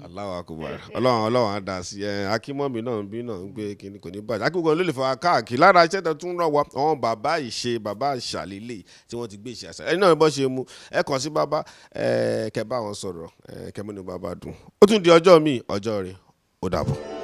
aláwọ akọba Ọlọ́run Ọlọ́run á dà sí ẹ akínmọmí náà bí náà ń gbé kíní kò ní bàjẹ́ akíngbọn ló lè fa káàkiri lára iṣẹ́ tó tún rọ wa àwọn bàbá ìṣe bàbá àṣàlélẹ tí wọ́n ti gbé ìṣe àṣà ẹni náà bọ́ ṣe mu ẹ kàn sí bàbá ẹ kẹ bá wọn sọ̀rọ̀ ẹ kẹ múnú bàbá dùn ó tún di ọjọ́ mi ọjọ́ rẹ̀ ó dàbọ̀.